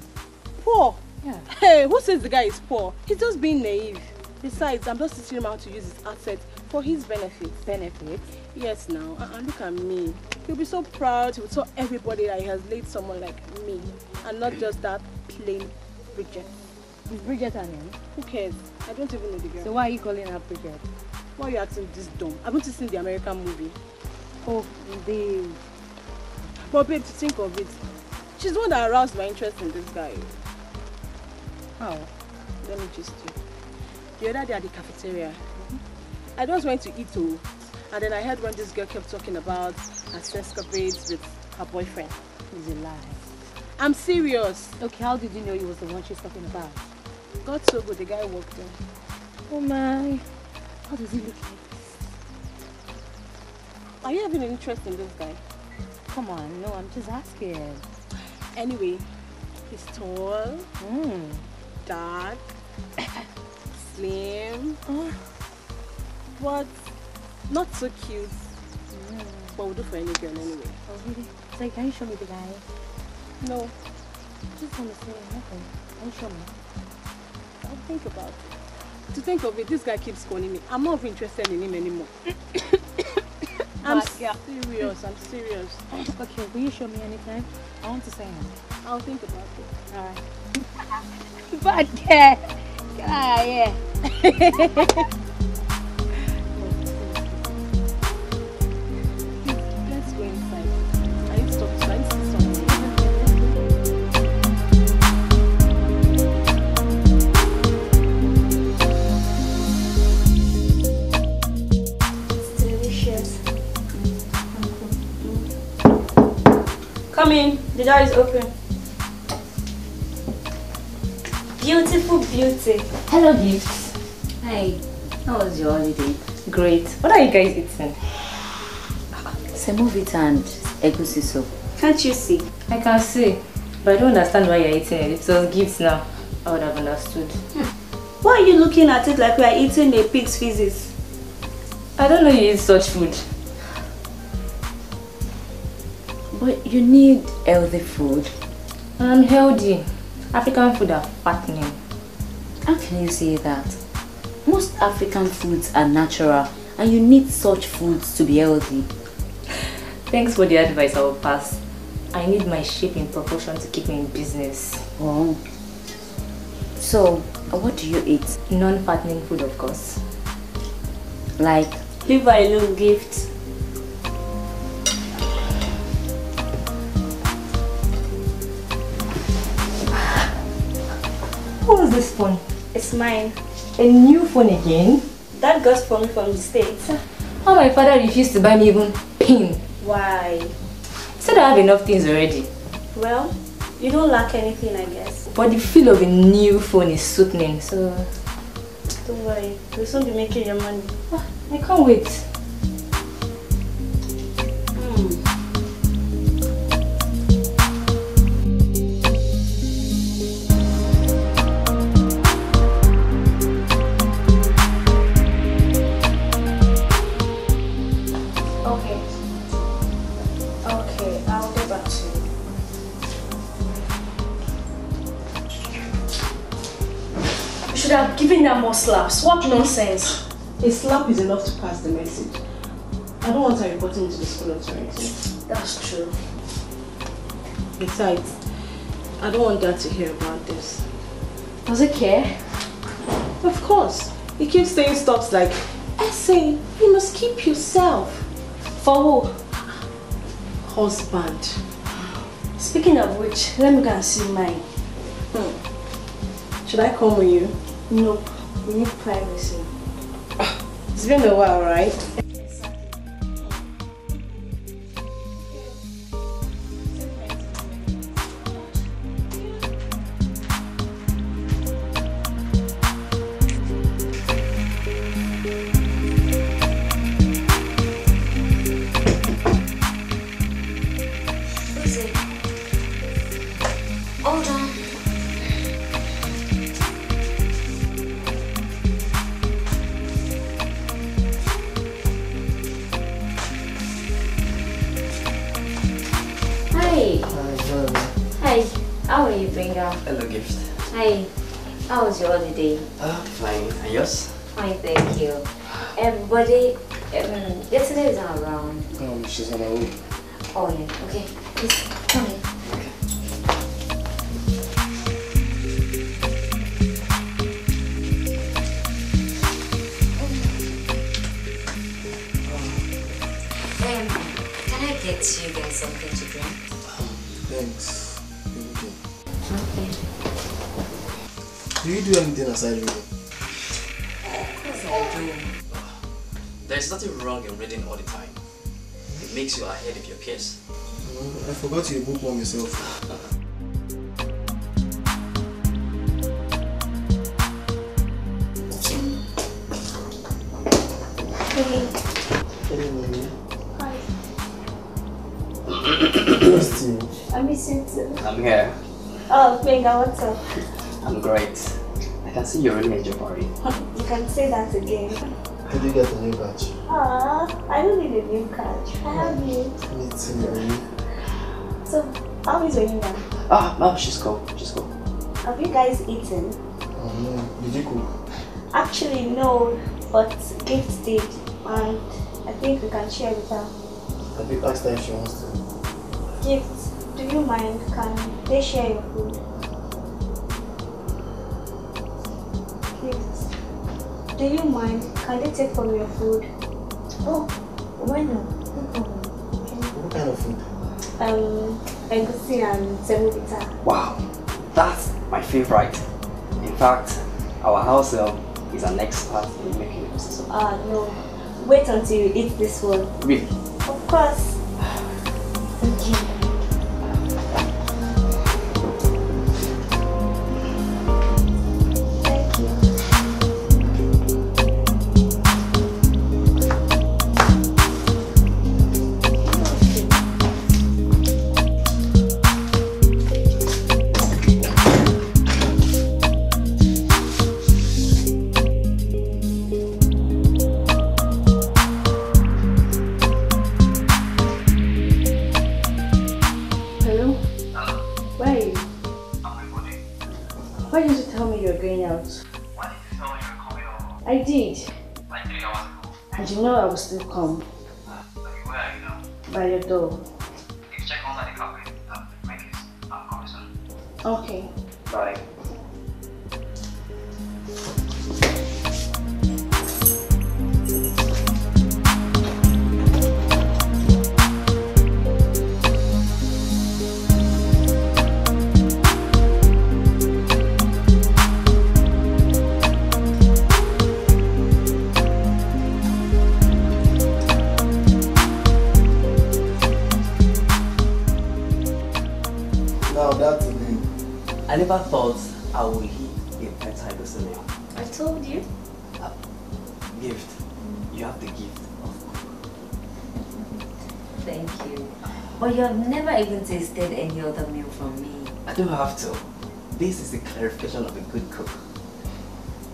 Poor? Yeah. Hey, who says the guy is poor? He's just being naive. Besides, I'm just teaching him how to use his assets for his benefit. Benefit? Yes, now. And uh uh-uh, -uh, look at me. He'll be so proud. He'll tell everybody that he has laid someone like me. And not hmm. just that plain reject. Is Bridget her name? Who cares? I don't even know the girl. So why are you calling her Bridget? Why are you acting this dumb? Haven't you seen the American movie? Oh, the... But babe, to think of it, she's the one that aroused my interest in this guy. How? Let me just do. The other day at the cafeteria, I just went to eat, too, oh, and then I heard when this girl kept talking about her sex with her boyfriend. It's a lie. I'm serious. Okay, how did you know he was the one she's talking about? God so good, the guy walked in. Oh my. How does he look like? Are you having an interest in this guy? Come on, no, I'm just asking. Anyway, he's tall, mm. dark, slim, oh. but not so cute. Mm. But we'll do for any girl anyway. Oh, really? So, can you show me the guy? No. I just want to see him. Can you show me? I'll think about it. To think of it, this guy keeps calling me. I'm not interested in him anymore. I'm serious. I'm serious. Okay, will you show me anything? I want to say him. I'll think about it. All right. but, Ah yeah. Come in, the door is open. Beautiful beauty. Hello, gifts. Hey, how was your holiday? Great. What are you guys eating? movie and egusi soup. Can't you see? I can see, but I don't understand why you're eating it. It's was gifts now. I would have understood. Hmm. Why are you looking at it like we are eating a pig's feces? I don't know you eat such food. But you need healthy food. And healthy. African food are fattening. How can you say that? Most African foods are natural and you need such foods to be healthy. Thanks for the advice I will pass. I need my shape in proportion to keep me in business. Oh. So, what do you eat? Non-fattening food, of course. Like? Leave little gift. phone? It's mine. A new phone again? That got for me from the States. How my father refused to buy me even pin. Why? He said I have enough things already. Well, you don't lack anything, I guess. But the feel of a new phone is soothing, so... Don't worry, we'll soon be making your money. Ah, I can't wait. slaps? What nonsense! A slap is enough to pass the message. I don't want her reporting to the school authorities. That's true. Besides, I don't want Dad to hear about this. Does he care? Of course. He keeps saying stuff like, Essay, you must keep yourself. For who? Husband. Speaking of which, let me go and see mine. Hmm. Should I come with you? No. You need privacy. It's been a while, right? There's nothing wrong in reading all the time. It makes you ahead of your peers. I forgot you're bookworm yourself. Hey. Hi. I'm i here. Oh, Benga, what's up? I'm great. I can see you're really major party. can say that again. Did you get a new badge? Aww, ah, I don't need a new badge. I have you. Me too. So, how is your mom? Ah, no, she's cool. She's cool. Have you guys eaten? Oh no, did you cook? Actually, no, but Gift did, and I think we can share with her. Have you asked her if she wants to? Gift, do you mind? Can they share your food? Do you mind? Can they take from your food? Oh, why not? What kind of food? Um, egusi and semovita. Wow, that's my favorite. In fact, our house elf is an expert in making egusi. Ah, uh, no. Wait until you eat this one. Really? Of course. okay. What's the name? I told you. Uh, gift. You have the gift Thank you. But you have never even tasted any other meal from me. I don't have to. This is the clarification of a good cook.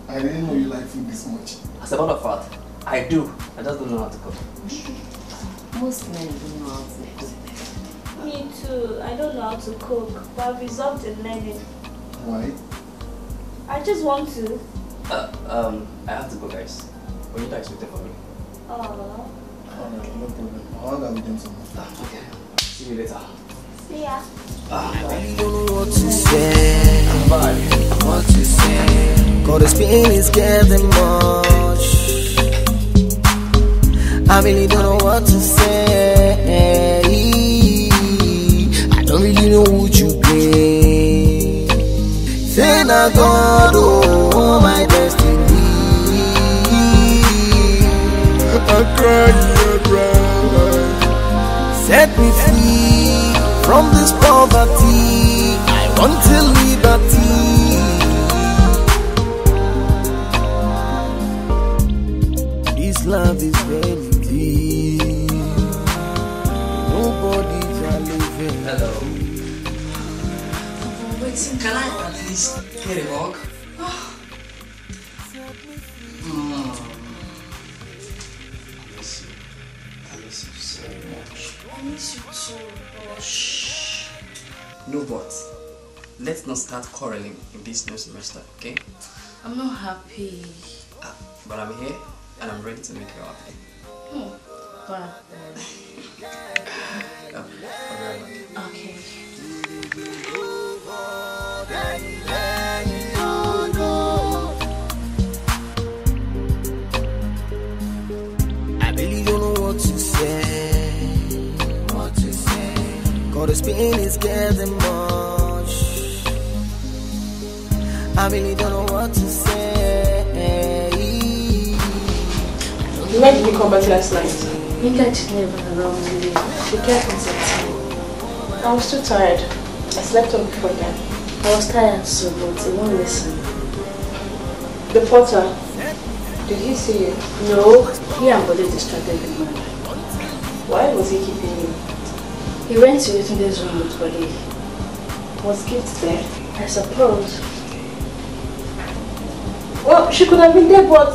I didn't know you like food this much. As a matter of fact, I do. I just don't know how to cook. Most men don't know how to cook. Me too. I don't know how to cook, but I've resolved learn it. Why? I just want to. Uh, um, I have to go, guys. What are you guys waiting for me? Oh. Uh, okay. No problem. I'll have them somewhere. Ah, okay. See you later. See ya. Uh, I don't know what to say. What to say? Cause this pain is getting much. I really don't know what to say. I don't really know what you mean. Say na God, oh, my destiny. I cry, I cry. Set me free from this poverty. I want to liberty. Hit it, oh. I miss you. I miss you so much. I miss you too, Shh. No buts. Let's not start quarreling in this new semester, okay? I'm not happy. Uh, but I'm here and I'm ready to make you happy. Oh, but. okay. okay. okay. Cause the pain is getting much. I really don't know what to say. You might did you come back last night? Midnight never around me. The kept was at I was too tired. I slept on before then. I was tired so but it won't listen. The potter, did he see you? No, he and Bode distracted the man. Why was he keeping you? He went to this room with Bode. Was Gift there? I suppose. Well, she could have been there, but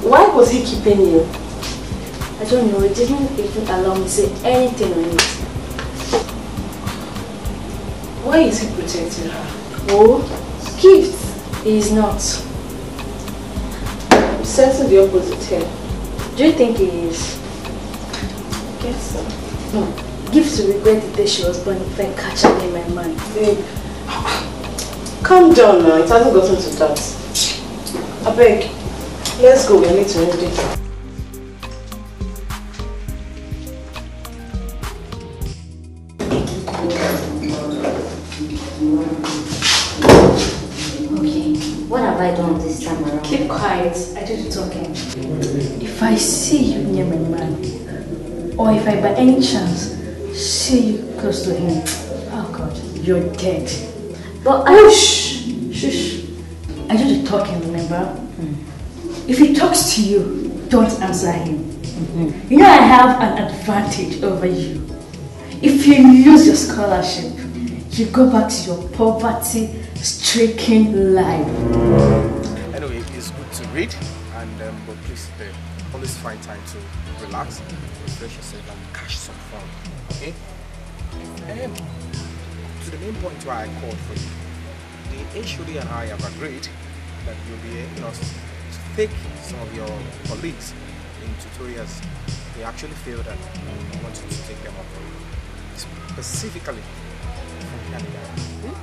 why was he keeping you? I don't know, it didn't even allow me to say anything on it. Why is he protecting her? Oh, Gift he is not. I'm sensing the opposite here. Do you think he is? I guess so. No. Hmm. Gives to regret the day she was born if I catch her in my mind. Babe, calm down now. It hasn't gotten to that. I beg, let's go. We need to end it. I do the talking. If I see you near my man, or if I by any chance see you close to him. Oh God, you're dead. But I. Whoosh! Oh, Shush! I do the talking, remember? Mm. If he talks to you, don't answer him. Mm -hmm. You know, I have an advantage over you. If you lose your scholarship, you go back to your poverty stricken life. Anyway, it's good to read, and um, but please uh, always find time to relax, refresh yourself, Okay? Um, to the main point why I called for you, the HUD and I have agreed that you'll be you know, to take some of your colleagues in tutorials. They actually feel that I want you to take them up for you. Specifically from Canada. Hmm?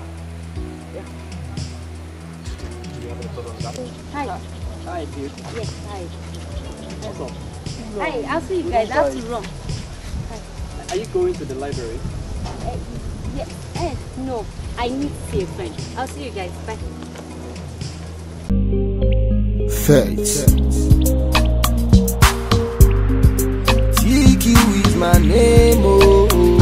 Yeah. Do you have any thought on that? Hi. Hi, dear. Yes, hi. What's Hi, I'll see you guys. That's wrong. Are you going to the library? Uh, eh, yeah, eh, uh, no, I need to see a friend. I'll see you guys. Bye. Faith. Tiki is my name. Oh.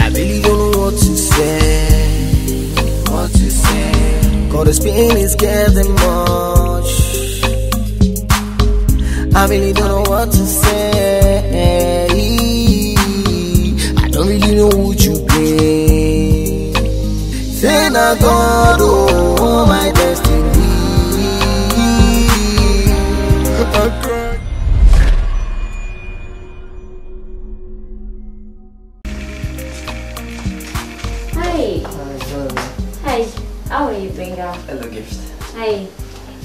I really don't know what to say. What to say? Cause the pain is getting much. I really don't know what to say. I don't really know what you play. Say na God, oh my destiny. I cry. Hello, Gift. Hi.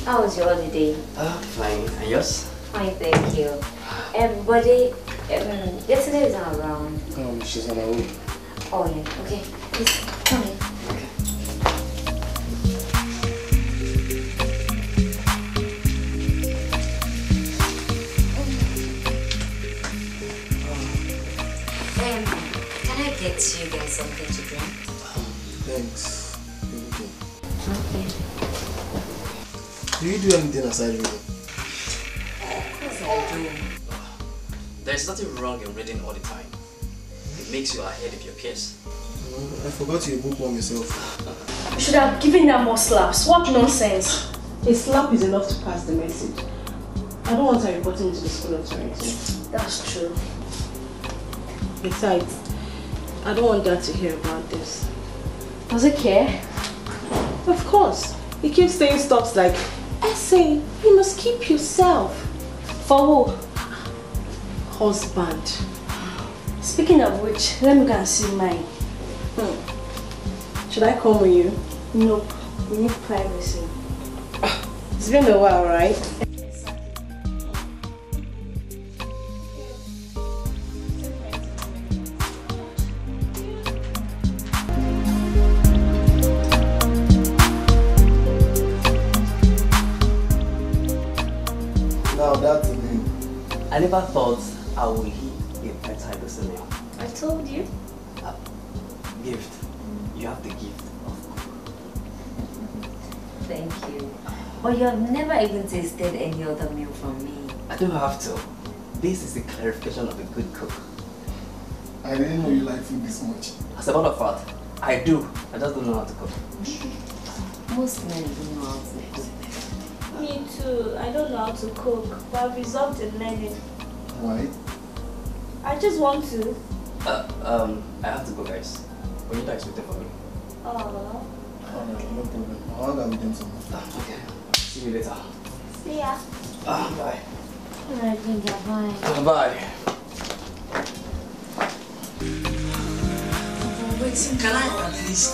How was your holiday? Oh, fine. And yours? Fine, thank you. Everybody, um, yesterday is not around. Um, she's on her own. Oh, yeah, okay. Please, come in. Um, get you guys something to drink. Um, thanks. Okay. Do you do anything aside from? There's nothing wrong in reading all the time. It makes you ahead of your peers. I forgot you bookworm yourself. You should have given them more slaps. What nonsense! A slap is enough to pass the message. I don't want her reporting to the school authorities. That's true. Besides, I don't want Dad to hear about this. Does he care? Of course. He keeps saying stuff like, Essay, you must keep yourself. For who? husband. Speaking of which, let me go and see mine. Hmm. Should I come with you? Nope. We need privacy. It's been a while, right? But you have never even tasted any other meal from me. I don't have to. This is the clarification of a good cook. I didn't know you liked food this much. As a matter of fact, I do. I just don't know how to cook. Most men don't know how to cook. Me too. I don't know how to cook, but I've resolved in learning. Why? I just want to. Uh, um, I have to go, guys. What are you guys waiting for me? Oh. Uh, no problem. I'll have them tomorrow. Ah, okay. See you later. See ya. Ah, bye. I think bye. Ah, bye. Võiksin ka näha, et siis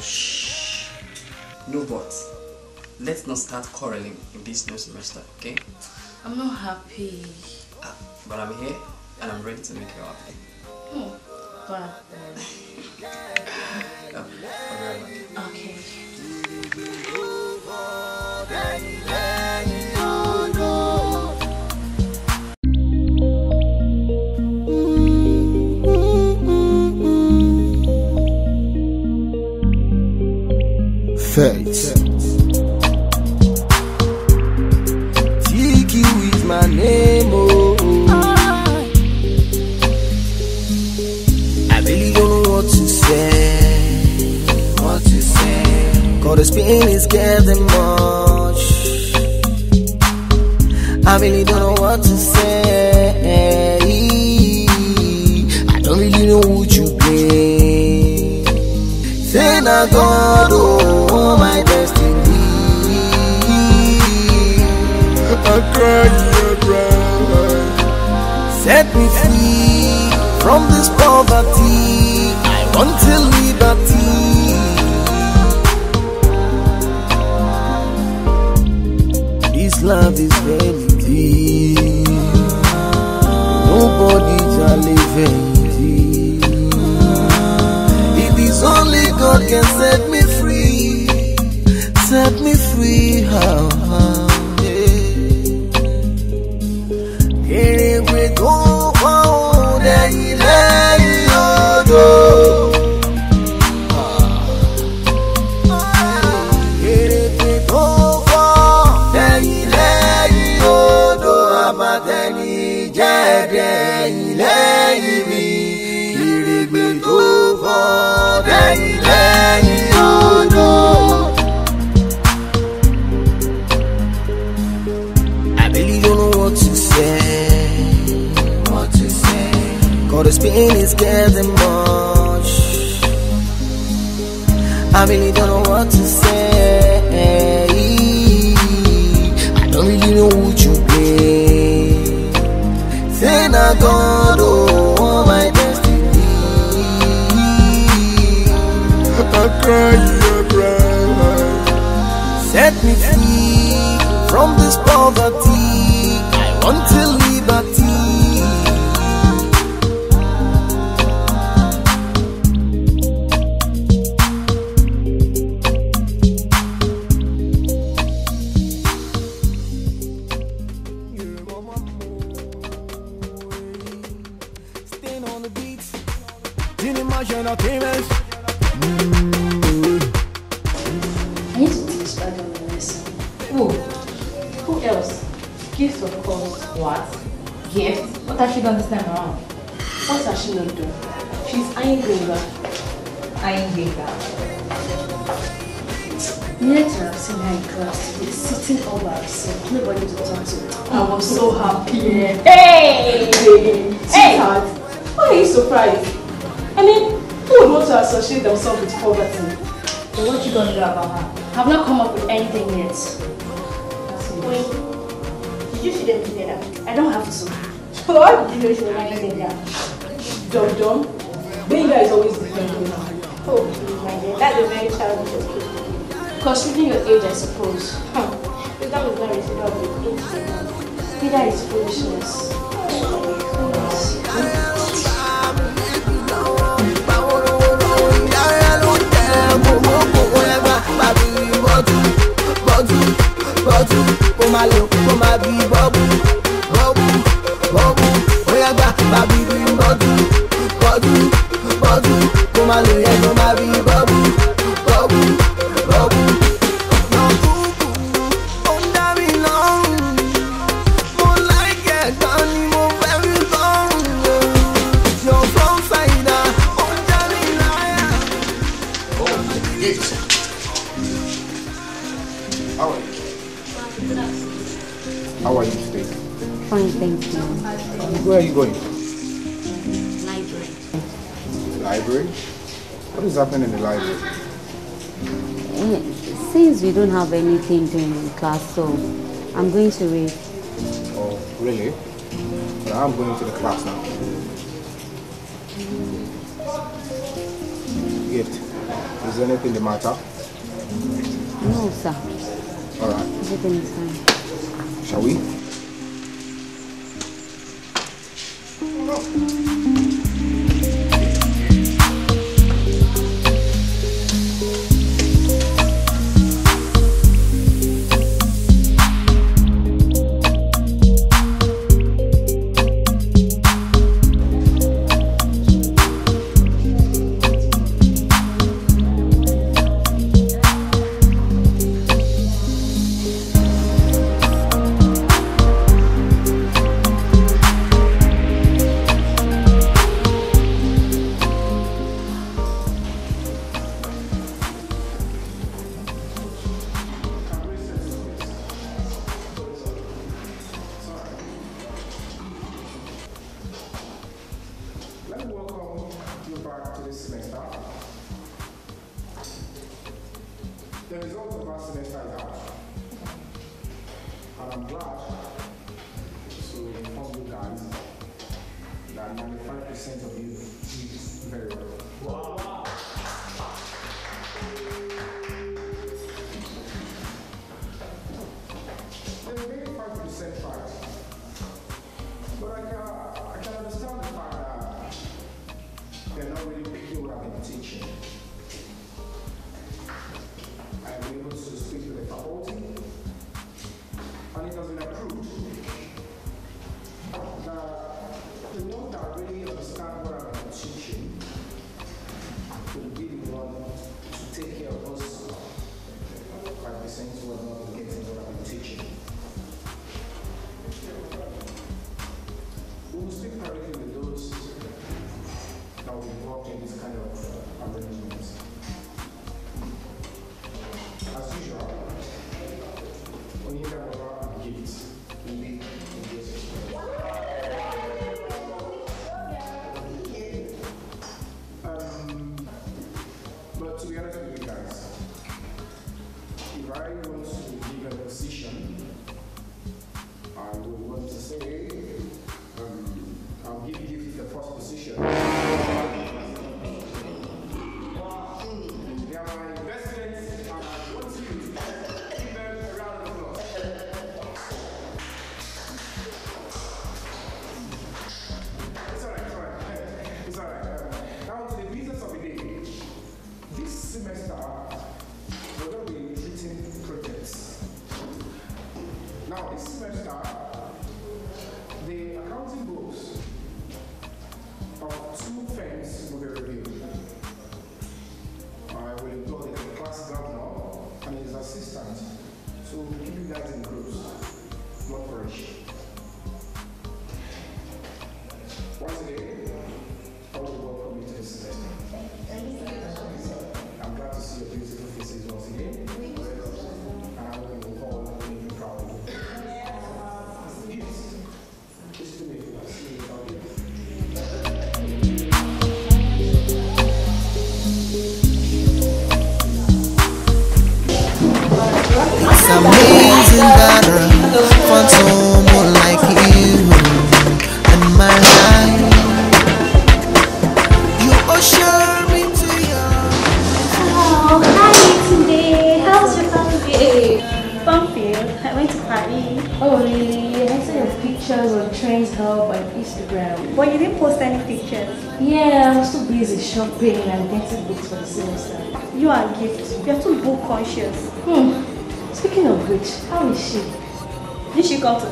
Shh. No but let's not start quarreling in this new semester, okay? I'm not happy. Uh, but I'm here and I'm ready to make hmm. oh, you happy. Hmm. Wow. pain is getting much. I really don't know what to say. I don't really know what you play. Thank God, oh my destiny. I cry, Set me free from this poverty. I want to liberty. love is vanity. Nobody can live jolly vanity. It is only God can set me free. Set me free. How? Oh, oh. much. I really don't know what to say. I don't really know what you play. Then I got all my destiny. I cry, I cry. Set me free from this power. appear. Hey! Sweetheart, hey. why are you surprised? I mean, who would want to associate themselves with poverty? But what you gonna do about her? I've not come up with anything yet. Wait, did you see them together? I don't have to. What? Did you see them together? Dom Dom, Benga is always defending her. Oh, my dear, that's a very childish excuse. Considering your age, I suppose. Huh. That was very stupid. Peter is foolishness. bọ́tù kó máa happened in the library? Uh, since we don't have anything during class, so I'm going to read. Oh, really? I'm going to the class now. Yet, is there anything the matter? No, sir. All right. Everything is fine. Shall we?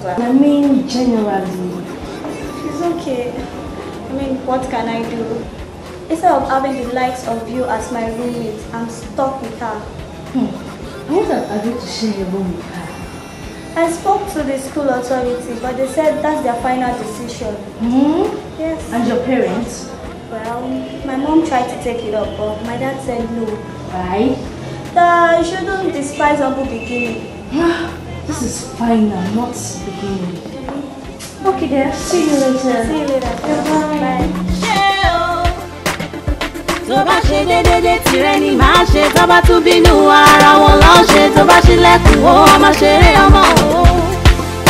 I mean, generally. It's okay. I mean, what can I do? Instead of having the likes of you as my roommate, I'm stuck with her. Hmm. I would have to share a room with her. I spoke to the school authority, but they said that's their final decision. Hmm? Yes. And your parents? Well, my mom tried to take it up, but my dad said no. Why? That I shouldn't despise humble beginning. This is final, not beginning. Okay, dear. See you later. See you later. Bye. tó bá ṣe déédéé tìrẹ ni màá ṣe tó bá tún bínú ara wọn lọ ṣe tó bá ṣe lẹ́kùn ó ọmọ ṣeré ọmọ ó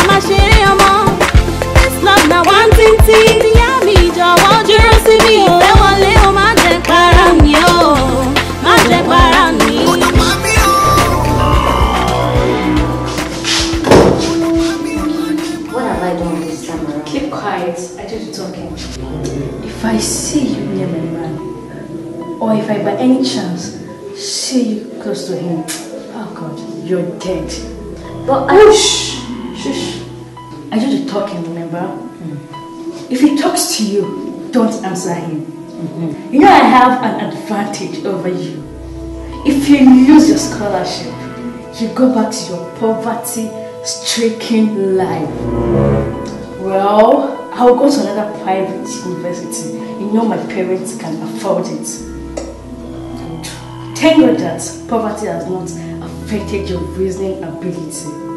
ọmọ ṣeré ọmọ this love na one thing tí ìyá mi jọ̀wọ́ dúró sí mi ìfẹ́ wọlé ó má jẹ́ para mi ó má jẹ́ para mi. If I see you near my man, or if I by any chance see you close to him, oh God, you're dead. But I... Oh, shh! I do the talking, remember? Mm. If he talks to you, don't answer him. Mm -hmm. You know I have an advantage over you. If you lose your scholarship, you go back to your poverty-stricken life. Well, I'll go to another private university. You know my parents can afford it. And thank God that poverty has not affected your reasoning ability.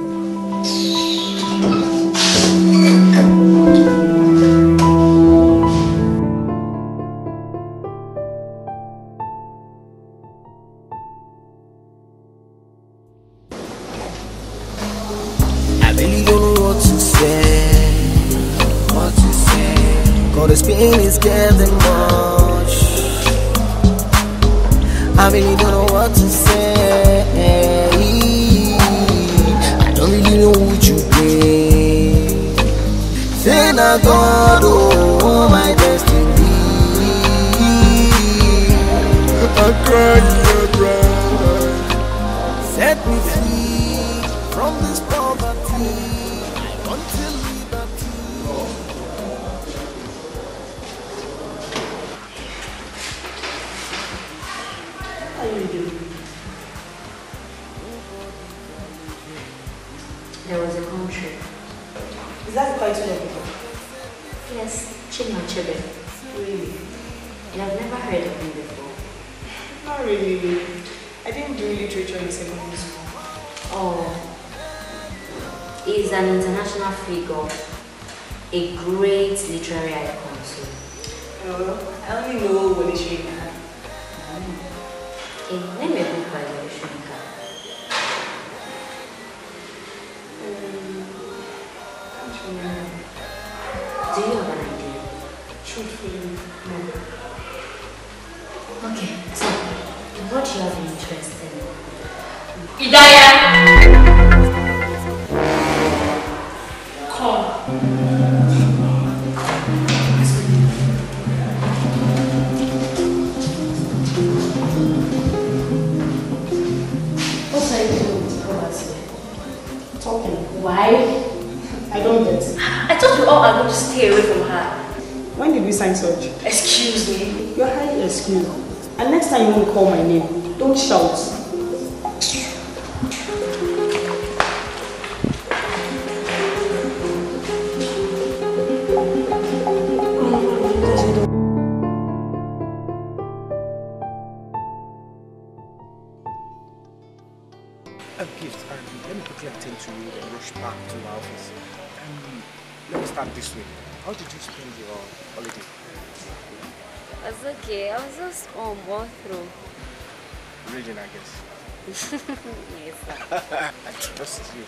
you.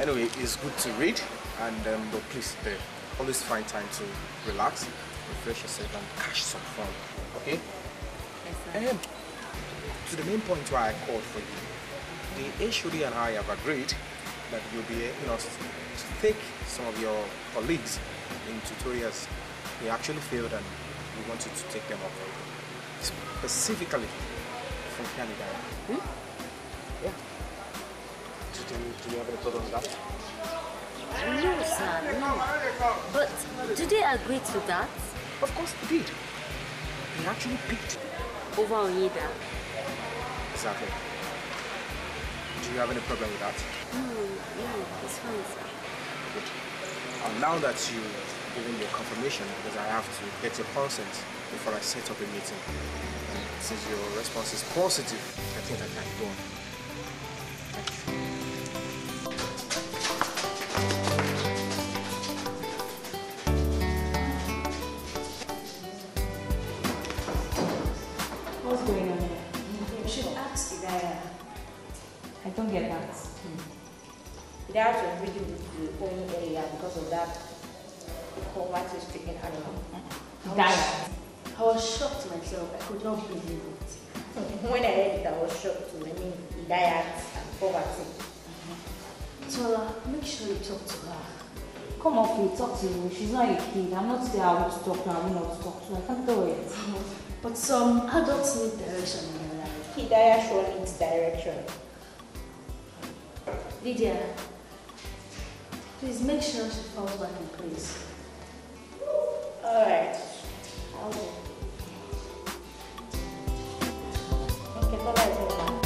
Anyway, it's good to read, and um, but please, uh, always find time to relax, refresh yourself, and catch some fun. Okay? Yes, um, to the main point why I called for you, the HOD and I have agreed that you'll be you know, to take some of your colleagues in tutorials. They actually failed and we wanted to take them up specifically from Canada. Hmm? Yeah do you have any problem with that? No, sir, no. But did they agree to that? Of course they did. They actually picked over on Ida. Exactly. Do you have any problem with that? No, no, it's fine, sir. Good. And now that you've given your confirmation, because I have to get your consent before I set up a meeting, and since your response is positive, I think I can go on. don't get that. Hmm. They have to breed with the area because of that poverty stricken animal. Diet. I was shocked myself. I could not believe it. Hmm. when I heard it, I was shocked too. I mean, diet and poverty. So Tola, uh, make sure you talk to her. Come up please talk to her. She's not a kid. I'm not there. I want to talk to her. I not to talk to her. I can't do it. But some adults need direction in their life. Hidayah sure needs direction. Lydia, please make sure she falls back in place. Alright. I'll do. Okay, bye bye.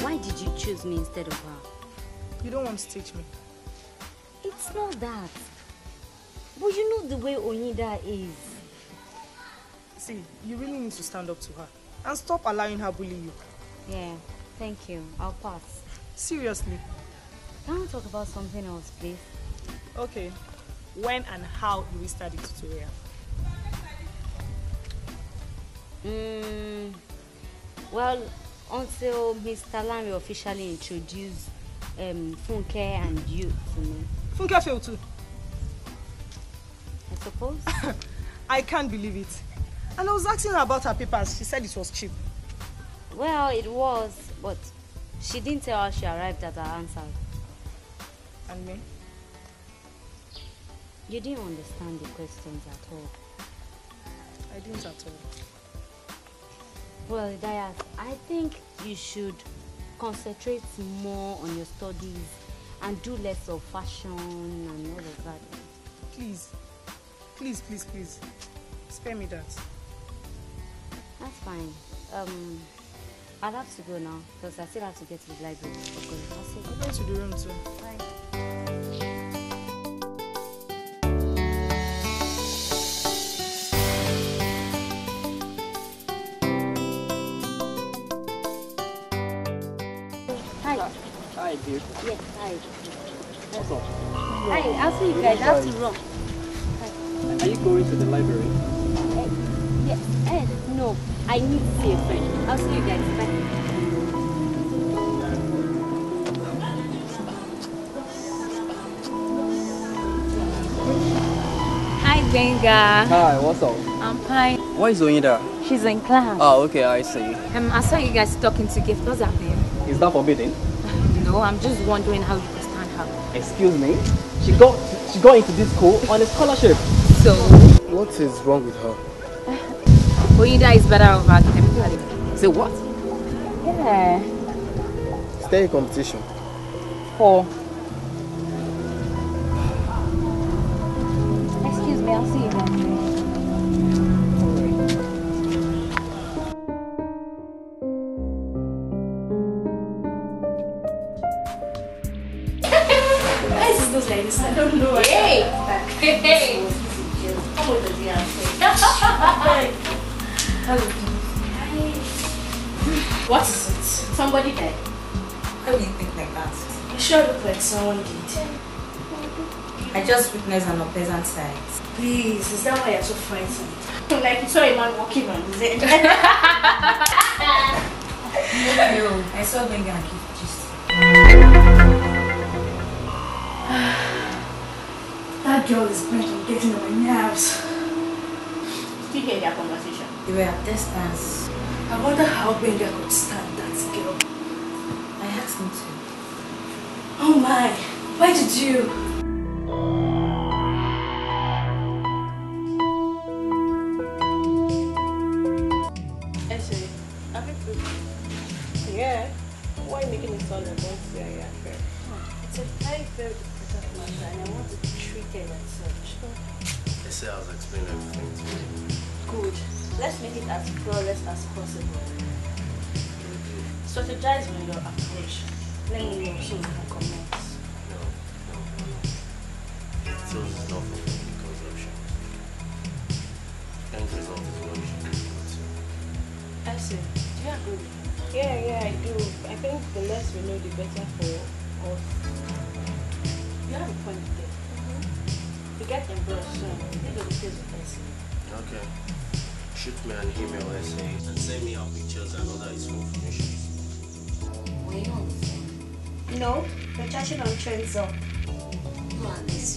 Why did you choose me instead of her? You don't want to teach me. It's not that. But you know the way Onida is. See, you really need to stand up to her and stop allowing her bully you. Yeah, thank you. I'll pass. Seriously? Can we talk about something else, please? Okay. When and how do we start the tutorial? Mm, well, until Mr. Lanre officially introduced um, Funke and you to me. Funke failed too. I suppose. I can't believe it. And I was asking her about her papers. She said it was cheap. Well, it was, but she didn't tell us she arrived at her answer. And me? You didn't understand the questions at all. I didn't at all. Well, Diya, I think you should concentrate more on your studies and do less of fashion and all of that. Please, please, please, please, spare me that. That's fine. Um, I'll have to go now because I still have to get to the library. Okay, I'll see you. I'll go to the room too. Bye. Hi, dear. Yes, hi. What's up? Hi, I'll see you guys. I'll see you wrong. Are you going to the library? I need to see a friend. I'll see you guys. Bye. Benga. Hi, what's up? I'm fine. is Oinda? She's in class. Oh, okay, I see. Um, I saw you guys talking to Gift. What's happening? Is that forbidden? no, I'm just wondering how you can stand her. Excuse me? She got she got into this school on a scholarship. So? What is wrong with her? Oida is better over academically. Say what? Yeah. Stay in competition. Four. Oh. sickness and unpleasant sights. Please, is that why you're so frightened? like you saw a man walking on his head. no, I saw Benga and give Jesus. that girl is bent on getting on my nerves. Still hear their conversation. They were at distance. I wonder how Benga could stand that girl. I asked him to. Oh my, why did you? yourselves explain everything to me. Good. Let's make it as flawless as possible. Strategize on your approach. Let me know so we can comment.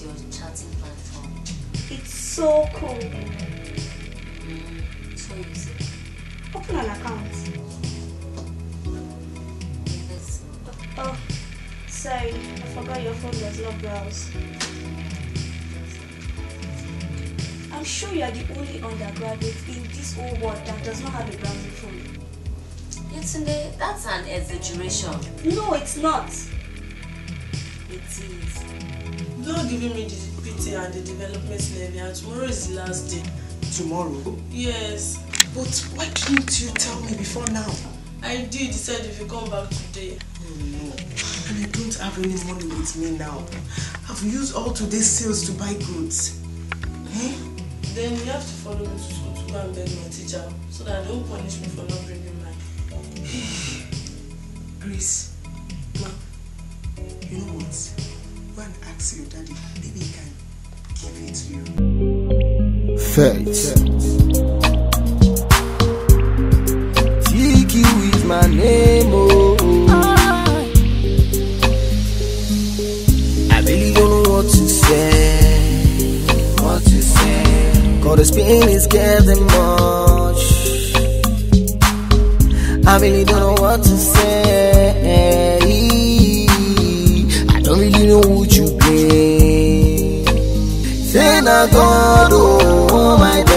your chatting platform. It's so cool. Mm, so easy. Open an account. Yes. Oh, sorry, I forgot your phone does not browse. I'm sure you are the only undergraduate in this whole world that does not have a browsing phone. Yetunde, that's an exaggeration. No, it's not not giving me the PT and the development levy, and tomorrow is the last day. Tomorrow? Yes. But why didn't you tell me before now? I did. decide if you come back today. Oh, no. And I don't have any money with me now. I've used all today's sales to buy goods. Eh? Then you have to follow me to school to go and beg my teacher so that they won't punish me for not bringing mine. Grace. to your daddy, maybe he can give it to you. Faith. Tiki is my name, oh. I really don't know what to say. What to say? Cause this pain is getting much. I really don't know what to say. adoro, oh my God.